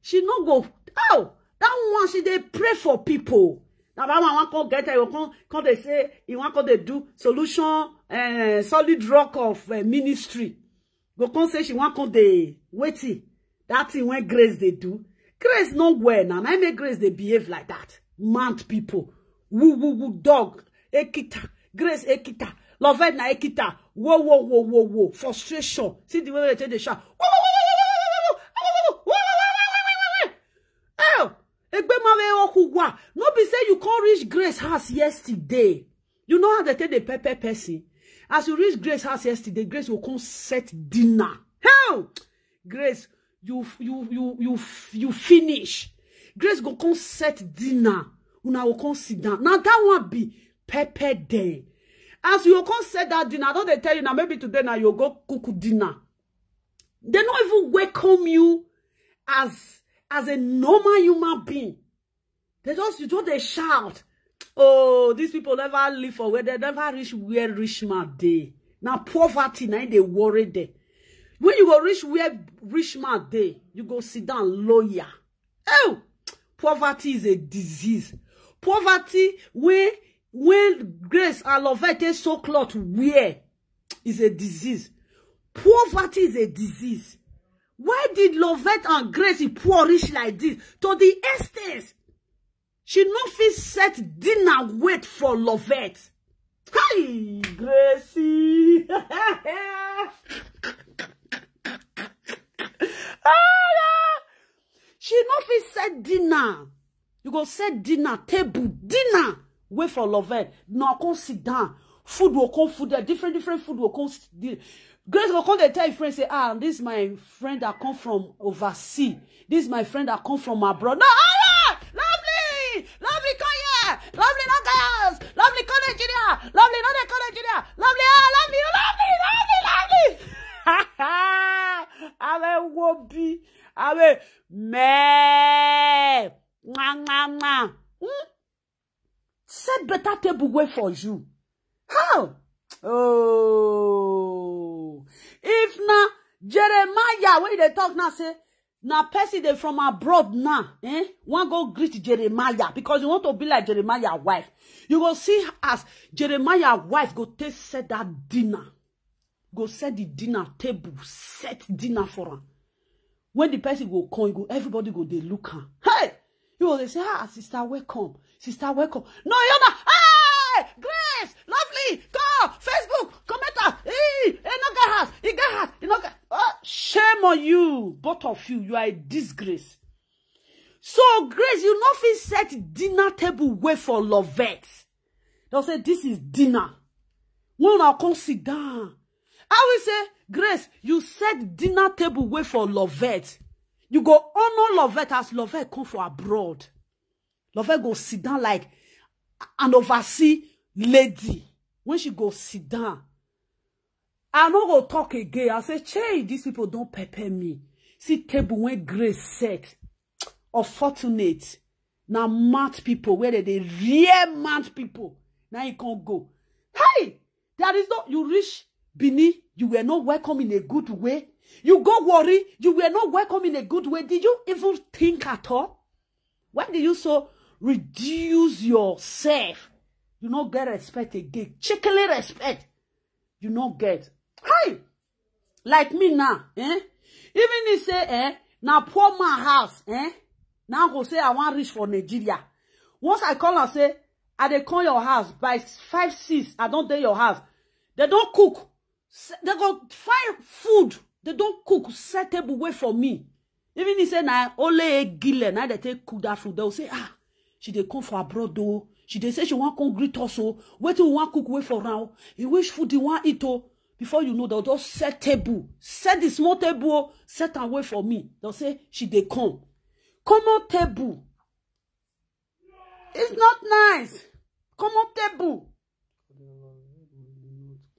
She no go, oh, that one she they pray for people. Now that one come get her, come, come they say, you want come they do solution, uh, solid rock of uh, ministry. Go come say she want come they waiting. That thing when grace they do. Grace no where now. I make grace they behave like that. Mad people. Woo woo woo dog. Ekita. Grace ekita. Loved na ekita whoa, whoa, whoa, whoa, whoa, frustration. See the way they take the shout. Whoa, whoa, No be say you can't reach grace house yesterday. You know how they take the pepper person. As you reach grace house yesterday, grace will come set dinner. Hell, grace, you you you you you finish. Grace go come set dinner. Una will come sit down. Now that one be pepper day as you come say that dinner i they tell you now maybe today now you go cook dinner they no even welcome you as as a normal human being They just you just they shout oh these people never live for where they never reach where rich man day. Now poverty now they worry dem when you go reach where rich man day, you go sit down lawyer oh poverty is a disease poverty where when grace aloe so cloth wear is a disease poverty is a disease why did lovette and grace poor rich like this to the extent she not fit set dinner wait for lovette hi gracie she not fit set dinner you go set dinner table dinner Wait for love. Eh. no come sit down. Food will come food there. Different, different food will come. Grace will come they tell your friend, say, ah, this is my friend that come from overseas. This is my friend that come from abroad. No, ah, lovely, lovely, come here, lovely, not girls, lovely, come Nigeria, lovely, not come Nigeria, lovely, ah, lovely, lovely, lovely, lovely. Ha ha, I will be, I will, me, mwah, mwah, mwah. Mm? set better table way for you. How? Oh. If na Jeremiah, when they talk now, say, now Percy they from abroad now eh wan go greet jeremiah because you want to be like jeremiah wife you go see as jeremiah wife go take set that dinner go set the dinner table set dinner for her. when the person go come go everybody go They look her. hey You will say, ah, sister, welcome. Sister, welcome. No, you're not. Hey, Grace, lovely, go, Facebook, commenter, hey, Enoga get Iga has, Enoga. Oh, shame on you, both of you. You are a disgrace. So, Grace, you know, fit set dinner table way for Lovette. They'll say, this is dinner. One will come sit down. I will say, Grace, you set dinner table way for Lovette you go honor Lovette as Lovette come for abroad. Lovette go sit down like an overseas lady. When she go sit down, I no go talk again. I say, Che, these people don't prepare me. See table when grace set. Unfortunate. Now mad people, where they, they real mad people. Now you can't go. Hey, there is no, you reach Bini, you were not welcome in a good way. You go worry. You were not welcome in a good way. Did you even think at all? Why did you so reduce yourself? You not get respect again. Chickenly respect. You not get. Hi! Like me now, eh? Even if say, eh, now poor man house, eh? Now go say I want rich for Nigeria. Once I call and say, I dey call your house by five, six, I don't dey your house. They don't cook. They go find food they don't cook set table way for me even he say na only egile now they take cook that food they go say ah she dey come for abroad o oh. she dey say she wan come greet us o oh. wetin we wan cook way for now? e which food you wan eat oh? before you know they'll just set table set the small table o oh. set am wait for me they'll say she dey come come on table it's not nice common table.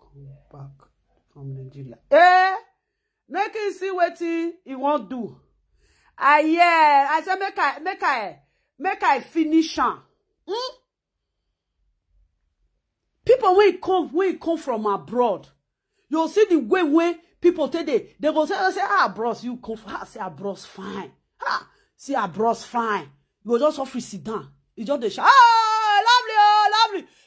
Come back from Nigeria. Eh? make him see what he wan do ah, i hear i say make i make i make i finish am hmm? people wey come wey come from abroad you'll see the way wey people today. they go say oh, say ah bros you come from ah say ah bros fine ah say ah bros fine you go just offer sit down you just the shout ah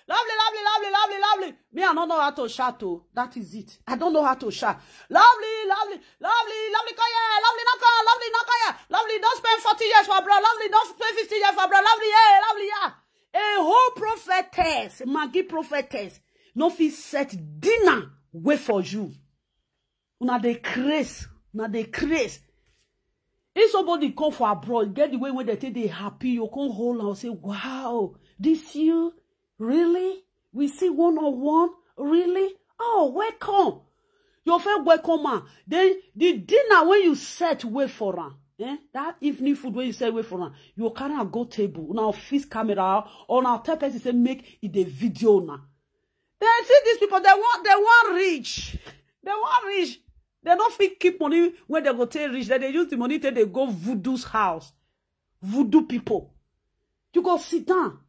Lovely, lovely, lovely, lovely, lovely. Me, I don't know how to shout. Oh. That is it. I don't know how to shout. Lovely, lovely, lovely, lovely, Koya. Lovely, Naka. Lovely, Nakaya. Lovely, don't spend 40 years for bro. Lovely, don't spend 50 years for bro. Lovely, yeah, lovely, yeah. A whole prophetess, magi prophetess, no fit set dinner wait for you. Una dey craze. Una dey craze. If somebody come for abroad, get the way when they take they happy, you come hold and say, wow, this you, Really? We see one on one? Really? Oh, welcome. Your friend welcome her. Then the dinner when you set wait for her. Eh? That evening food when you set wait for her. You carry a go table. Now fix camera or now tell person say make it a video now. Then see these people, they want they want rich. They want rich. They don't fit keep money when they go take rich. Then they use the money till they go voodoo's house. Voodoo people. You go sit down.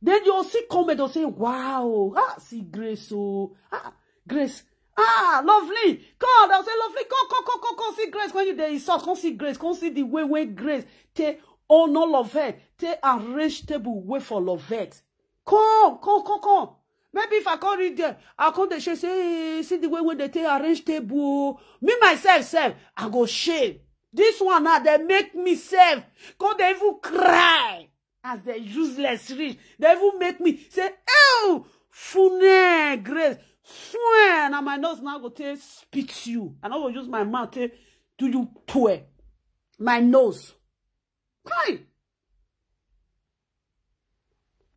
Then you'll see come and they'll say, wow, ah, see grace, oh, ah, grace. Ah, lovely. God, I'll say lovely. Go, go, go, go, go, see grace. When you there You saw. come see grace. Come see the way, way grace. Take honor it. Take arrange table way for love it. Come, come, come, come. Maybe if I can't read there, I'll come the shame. Say, see the way when they take arrange table. Me, myself, self, I go shame. This one now, ah, they make me self. Come, they even cry as the useless rich they even make me say "Oh, fune grace swear na my nose now go tell, spit you And i will use my mouth to do you poor my nose why?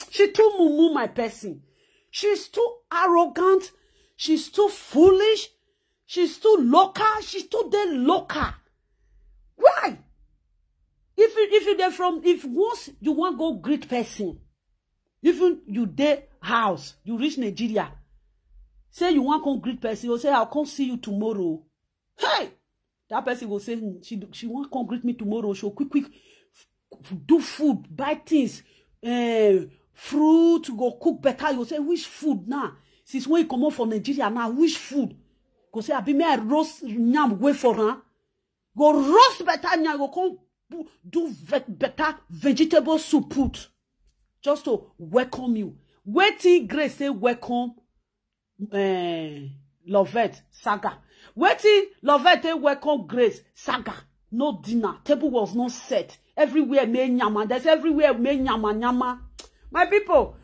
she too mumu my person she's too arrogant she's too foolish she's too local she's too dey local why if you if you dey from if once you wan go greet person even you dey house you reach nigeria say you wan come greet person you go say i come see you tomorrow hey that person go say hmm, she she wan come greet me tomorrow she go quick quick do food buy things uh, fruit go cook better you go say which food now since when you comot from nigeria now which food go say abi may i roast yam wey for am go roast better yam go come do better vegetable soup put just to welcome you wetin grace say welcome uh, eh, lovette saga wetin lovette say welcome grace saga no dinner table was not set everywhere may nyama there's everywhere may nyama nyama my people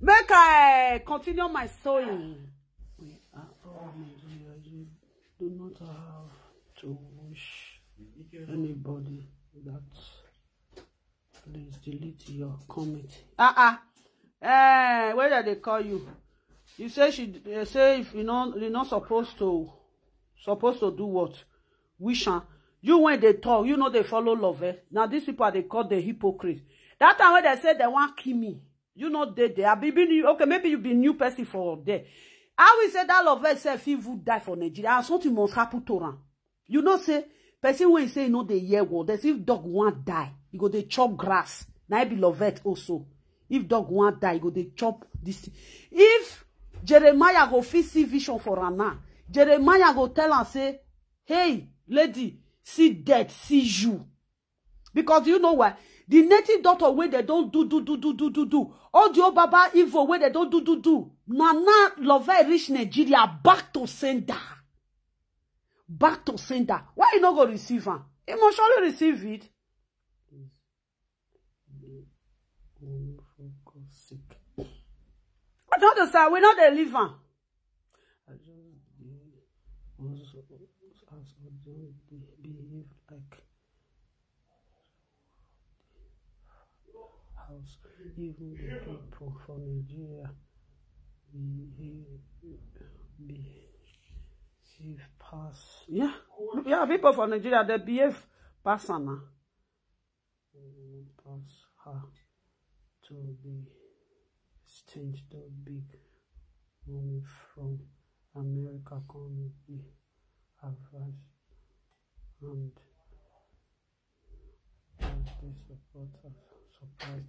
make i eh, continue my sewing we are all Nigeria you do not have to wish anybody that. Please delete your comment. Ah ah. Eh, where did they call you? You say she they say if you know you're not supposed to supposed to do what? Wish her. You when they talk, you know they follow love. Eh? Now these people are they call the hypocrites? That time when they say they want kill me, you know they they have been okay. Maybe you be new person for there. I will say that love itself, he would die for Nigeria. something must happen to her. You know, say person when wey say e no the year word as if dog want die e go dey chop grass na e be love it also if dog want die e go dey chop this. if jeremiah go fit see vision for am now jeremiah go tell and say hey lady see death see you because you know why the native daughter wey they don't do do do do do do do all the old baba evil wey they don't do do do Nana now lovett reach nigeria back to sender back to sender why you not go receive her? He must surely receive it i don understand we not dey house even the people from nigeria behave Because, yeah. Yeah, people from Nigeria, they behave personal. Cause her to be stinged the big money from America come be advice and they support her surprise.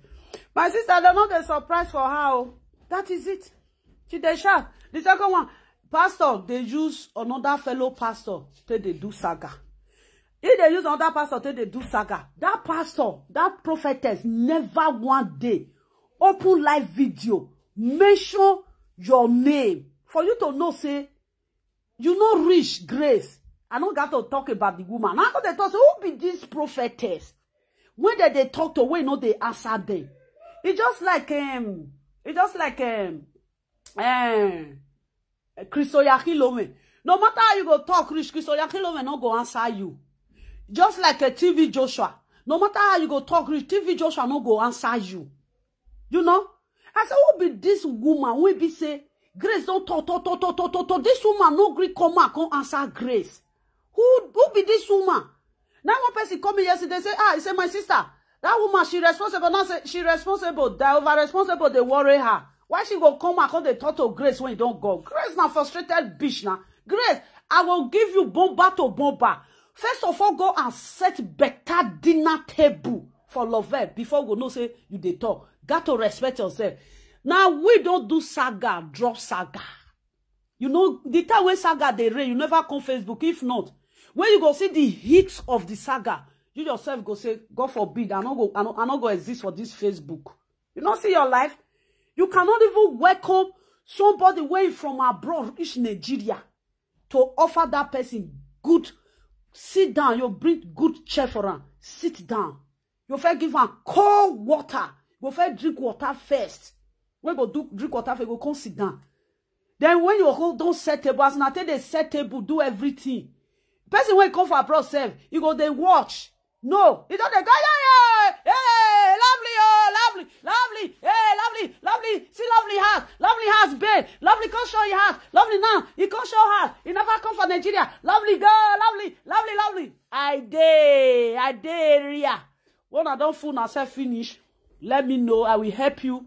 My sister, they're not a surprise for her. Oh. That is it. She they shout. The second one pastor they use another fellow pastor till they do saga if they use another pastor till they do saga that pastor that prophetess never one day open live video mention your name for you to know say you know, rich grace i don't got to talk about the woman na go dey talk who be this prophetess When dem they talk to wey no they answer dem e just like um, e just like um, um, Christo Yakilome. No matter how you go talk, Christo Yakilome not go answer you. Just like a TV Joshua. No matter how you go talk, TV Joshua not go answer you. You know? I said, who be this woman? We be say, Grace don't talk, talk, talk, talk, talk, talk, talk. This woman no agree come and come answer Grace. Who, who be this woman? Now one person called me yesterday say, ah, he said, my sister, that woman, she responsible. Now she responsible. They over responsible. They worry her why she go come and come the talk to grace when you don't go grace now frustrated bitch now grace i will give you bomba to bomba first of all go and set better dinner table for lovell before we know say you dey talk got to respect yourself now we don't do saga drop saga you know the time when saga dey rain, you never come facebook if not when you go see the heat of the saga you yourself go say god forbid i no go i no go exist for this facebook you no see your life You cannot even welcome somebody way from abroad, each Nigeria, to offer that person good. Sit down. You bring good chair for her. Sit down. You first give her cold water. You first drink water first. When go do drink water first, you go come sit down. Then when you go don't set table, as na they set table, do everything. Person when come for abroad self, you go they watch. No, you don't they go, yeah, yeah, hey, lovely, oh, lovely, lovely, hey, eh, lovely, lovely. See, lovely house, lovely house, babe. Lovely, come show your house. Lovely now, you come show house. You never come from Nigeria. Lovely girl, lovely, lovely, lovely. I day, I day, Ria. When I don't fool myself finish, let me know. I will help you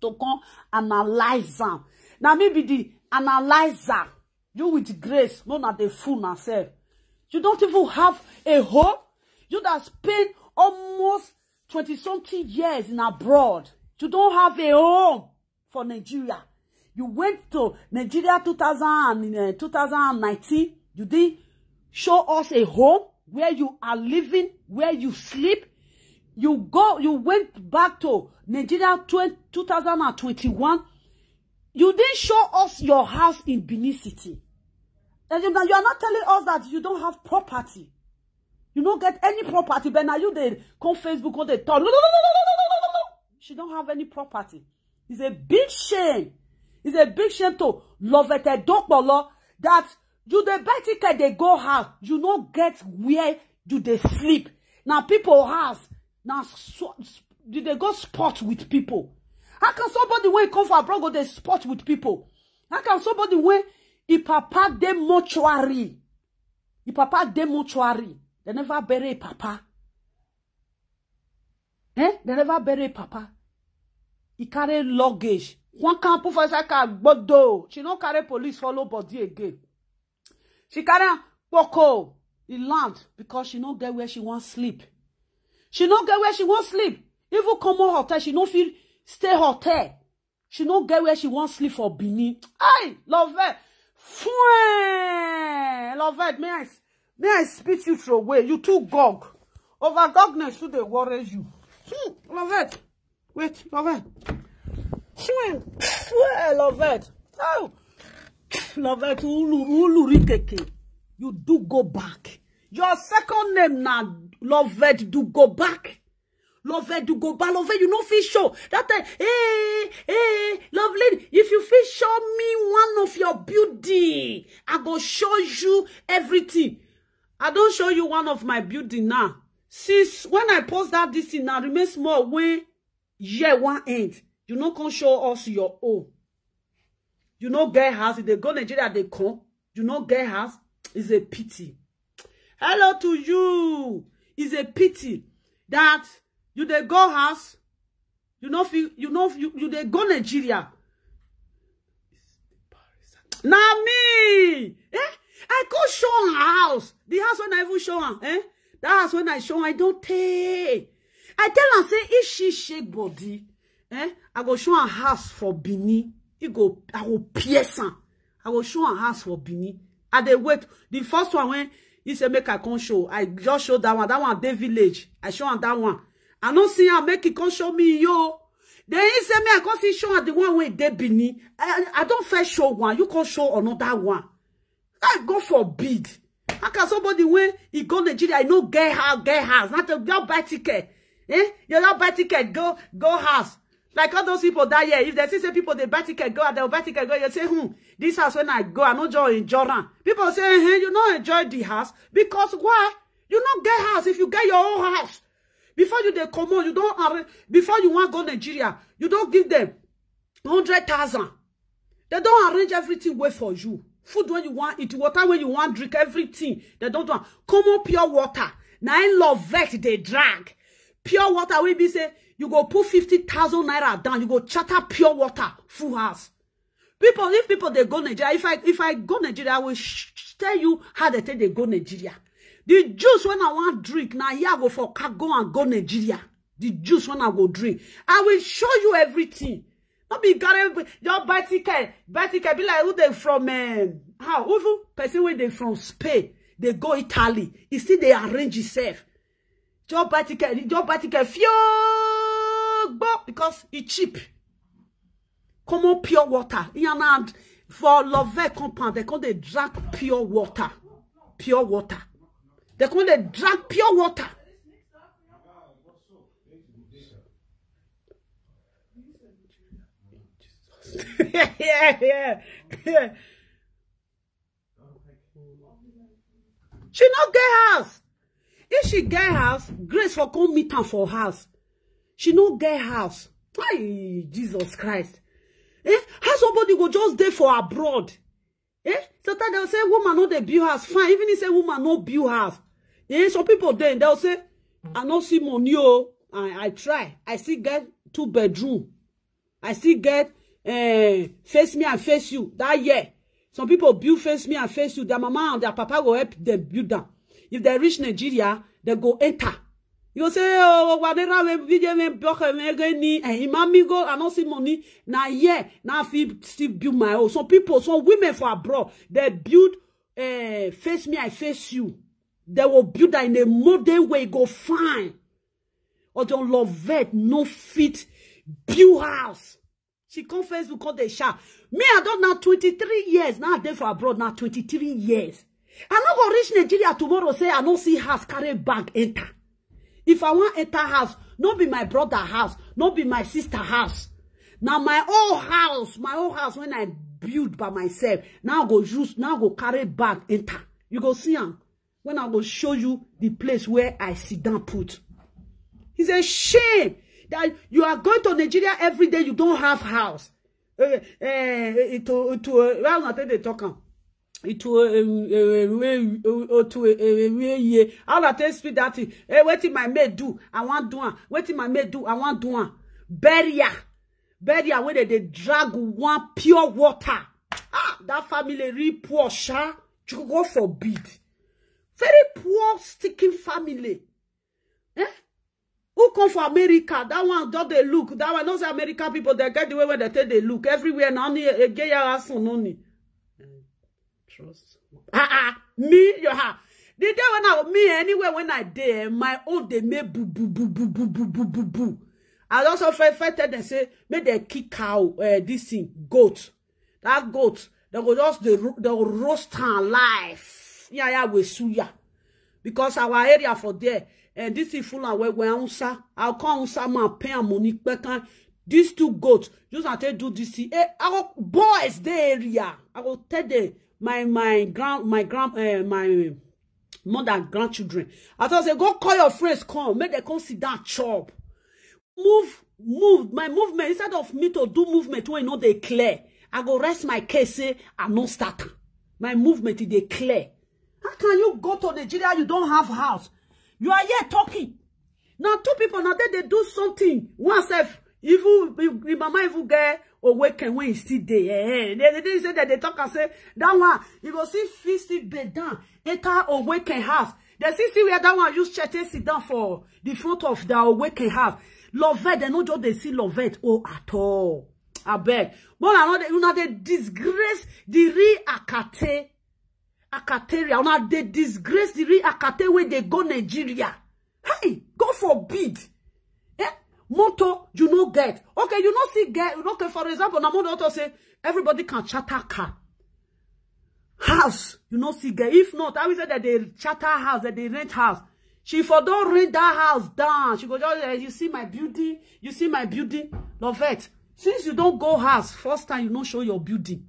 to come Analyzer. Now, maybe the analyzer, you with grace, not not the fool myself. You don't even have a hope. You that spend almost 20 something years in abroad. You don't have a home for Nigeria. You went to Nigeria 2000 and, uh, 2019. You didn't show us a home where you are living, where you sleep. You go, you went back to Nigeria 20, 2021. You didn't show us your house in Benin City. And you, you are not telling us that you don't have property. You don't get any property, but now you they come Facebook, or they talk. She don't have any property. It's a big shame. It's a big shame to love it a dog that you they buy ticket, they go house. You don't get where you they sleep. Now people house. Now so, did they go sport with people? How can somebody when he come from abroad go they sport with people? How can somebody when he papa de mortuary? He papa de mortuary. They never bury Papa. Eh? They never bury Papa. He carry luggage. One can't put can professor car bodo. She no carry police follow body again. She carry poko. The land because she no get where she want sleep. She no get where she want sleep. Even common hotel, she no feel stay hotel. She no get where she want sleep for Benin. Aye, love it. Fuen, love it, may I may i spit you throw away you too gog over gogness too dey worry you hmm lovett wait lovett shwen well lovett oh lovett uluri keke you do go back your second name na lovett do go back Lovey do go ba Lovey, you know fish show. That time, hey, eh, hey, lovely, if you fish show me one of your beauty, I go show you everything. I don't show you one of my building now. Since when I post that this thing now, remains more when year one end. You no come show us your own. You no get house. If they go Nigeria, they come. You no get house. It's a pity. Hello to you. It's a pity that you they go house. You know, you, you know, you, you they go Nigeria. Now me. Eh? I go show her house. The house when I even show her, eh? That house when I show her, I don't take. I tell her, say, if she shake body, eh? I go show her house for Bini. It go, I will pierce her. I go show her house for Bini. I dey wait. The first one when he say make I come show, I just show that one. That one the village. I show her that one. I no see her make he come show me yo. Then he say me I can't see show her the one wey dey Bini. I, I don't first show one. You come show another one. God God forbid. How can somebody when he go Nigeria, I know get house, get house, not to not buy ticket. Eh? You not buy ticket, go go house. Like all those people that year, if they see say people they buy ticket go and they buy ticket go, you say, hmm, this house when I go, I don't enjoy enjoy. People say, hey, eh, you not enjoy the house because why? You not get house if you get your own house. Before you they come on, you don't before you want go Nigeria, you don't give them hundred thousand. They don't arrange everything well for you food when you want it water when you want drink, everything. They don't want. Come on, pure water. Now I love vet they drag. Pure water will be say, you go put 50,000 naira down, you go charter pure water, full house. People, if people, they go Nigeria, if I, if I go Nigeria, I will tell you how they take they go Nigeria. The juice when I want drink, now here I go for cargo and go Nigeria. The juice when I go drink. I will show you everything. Not be garden Your buy ticket buy ticket be like who they from um, how even person where they from spain They go italy You see, they arrange himself just buy ticket just buy ticket fiogbo because it's e cheap Come on, pure water You yana for love compound they call dey drink pure water pure water they call dey drink pure water yeah, yeah, yeah. She not get house. If she get house, Grace for come meet am for house. She no get house. Why Jesus Christ? Eh? How somebody go just there for abroad? Eh? Sometimes they'll say woman no dey build house. Fine, even if say woman no build house. Eh? Some people then they'll say, I no see money. Oh, I, I try. I still get two bedroom. I still get uh, face me and face you that year. Some people build face me and face you. Their mama and their papa will help them build them. If they reach Nigeria, they go enter. You say, oh, whatever we video me block me again, eh, and mommy go I don't see money. Now yeah, now feel still build my own. Some people, some women for abroad, they build uh, face me, I face you. They will build that in a modern way, go fine. Or don't love it, no fit, build house she come facebook come the shout me i don na 23 years now i dey for abroad na 23 years i not go reach nigeria tomorrow say i no see house carry bag enter if i want enter house not be my brother house not be my sister house Now my old house my old house when i build by myself now go use now go carry bag enter you go see him when i go show you the place where i sit down put it's a shame that you are going to Nigeria every day, you don't have house. Uh, uh, to, to, uh, well, not they talk on. Itu to ewe ye. How I tell speak that thing. Eh, what did my maid do? I want do What did my maid do? I want do am. Beria, Burial where they, they drag one pure water. Ah, that family really poor, sha. God forbid. Very poor, sticking family. Eh? who come for america That one don they look That one those american people. They get the way wey they take dey look everywhere na only ass on only trust ah ah me your heart the day when i me anywhere when i there, eh, my own they make boo boo boo boo boo boo boo boo boo i also first first tell dem say make they kick cow uh, eh, this thing goat that goat they go just dey they go roast life. Yeah yeah we suya because our area for there and this is Fula where we unsa. I'll call unsa man pay money bekan. These two goats, just I tell do this. Eh, I go boys the area. I go tell them my my grand my grand uh, my mother grandchildren. I tell say go call your friends come, make them come sit down chop. Move, move my movement instead of me to do movement when you e know they clear. I go rest my case say I no start. My movement is e they clear. How can you go to Nigeria you don't have house? You are here talking. Now two people, now that they do something. One "If even the mama even get awaken when he still there. Eh? eh. They, didn't say that they talk and say, that one, you go see feel still bed down, enter awaken house. They see see where that one use chair sit down for the front of the awaken house. Lovette, they know just they see Lovette oh at all. I beg. But I know they, you know they disgrace the real Akate akateria now they disgrace the real akate wey they go nigeria hey god forbid eh motor you no get okay you no see get okay for example na motor auto say everybody can charter car house you no see get if not i will say that they charter house that they rent house she for don't rent that house down she go eh, you see my beauty. you see my beauty. Love it. since you don't go house first time you no show your beauty.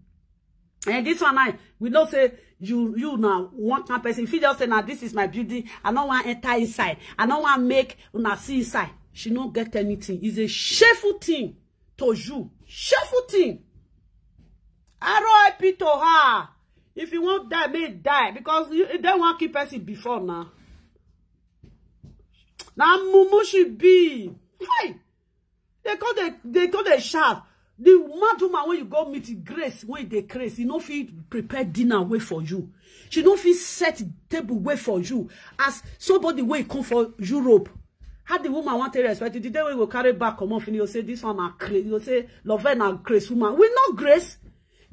Eh, and this one i we know say you you now one kind person if you just say now this is my building i don't want to enter inside i don't want to make una see inside she don't get anything it's a shameful thing to you shameful thing RIP to her if you won't die may die because you don't want keep person before now now mumu she be hey they call the they call the shaft the mad when you go meet grace when they grace you know fit prepare dinner wait for you she don't fit set table wait for you as somebody when come for europe how the woman want to respect you the day we will carry back come off and you'll say this one are grace you'll say love and grace woman we know grace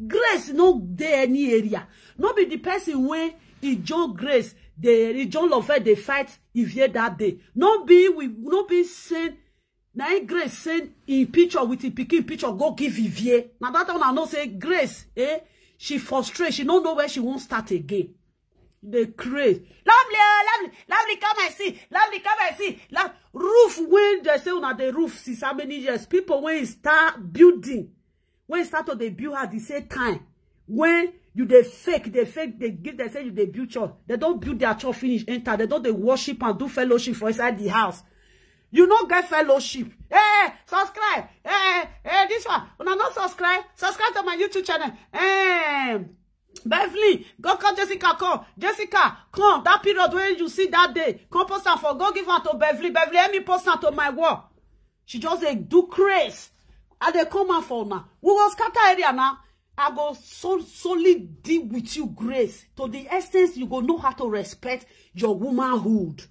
grace no dey any area no be the person wey ijo grace the John love they fight if here that day no be we no be saying Now grace send in picture with the picking picture go give Vivier. Now that one I know say grace, eh? She frustrated. She don't know where she won't start again. The crazy. Lovely, oh, lovely, lovely, come and see. Lovely, come and see. Love. Roof, when they say on the roof since how many years? People, when start building, when start to they build at the same time, when you they fake, they fake, they give, they say you they build church. They don't build their church finish, enter. They don't they worship and do fellowship for inside the house you no get fellowship Hey, eh, subscribe Hey, eh, eh, hey, this one una not subscribe subscribe to my youtube channel Hey, Beverly, go call Jessica, come. Jessica, come. That period when you see that day, come post her for. Go give her to Beverly. Beverly, let me post her to my wall. She just say, do craze. And they come out for now. We will scatter area now. I go so solely deal with you grace. To the essence, you go know how to respect your womanhood.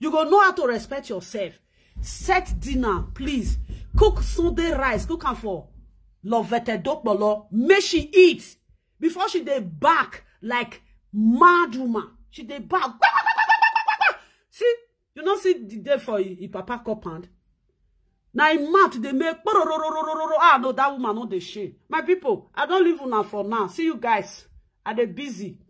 You go know how to respect yourself set dinner please cook sunday rice cook am for lovete dokpolo make she eat before she dey back like mad woman she dey back see you no see the day for e, e papa compound Now im mouth They make ah no that woman no dey shame my people. i don't leave una for now see you guys i dey busy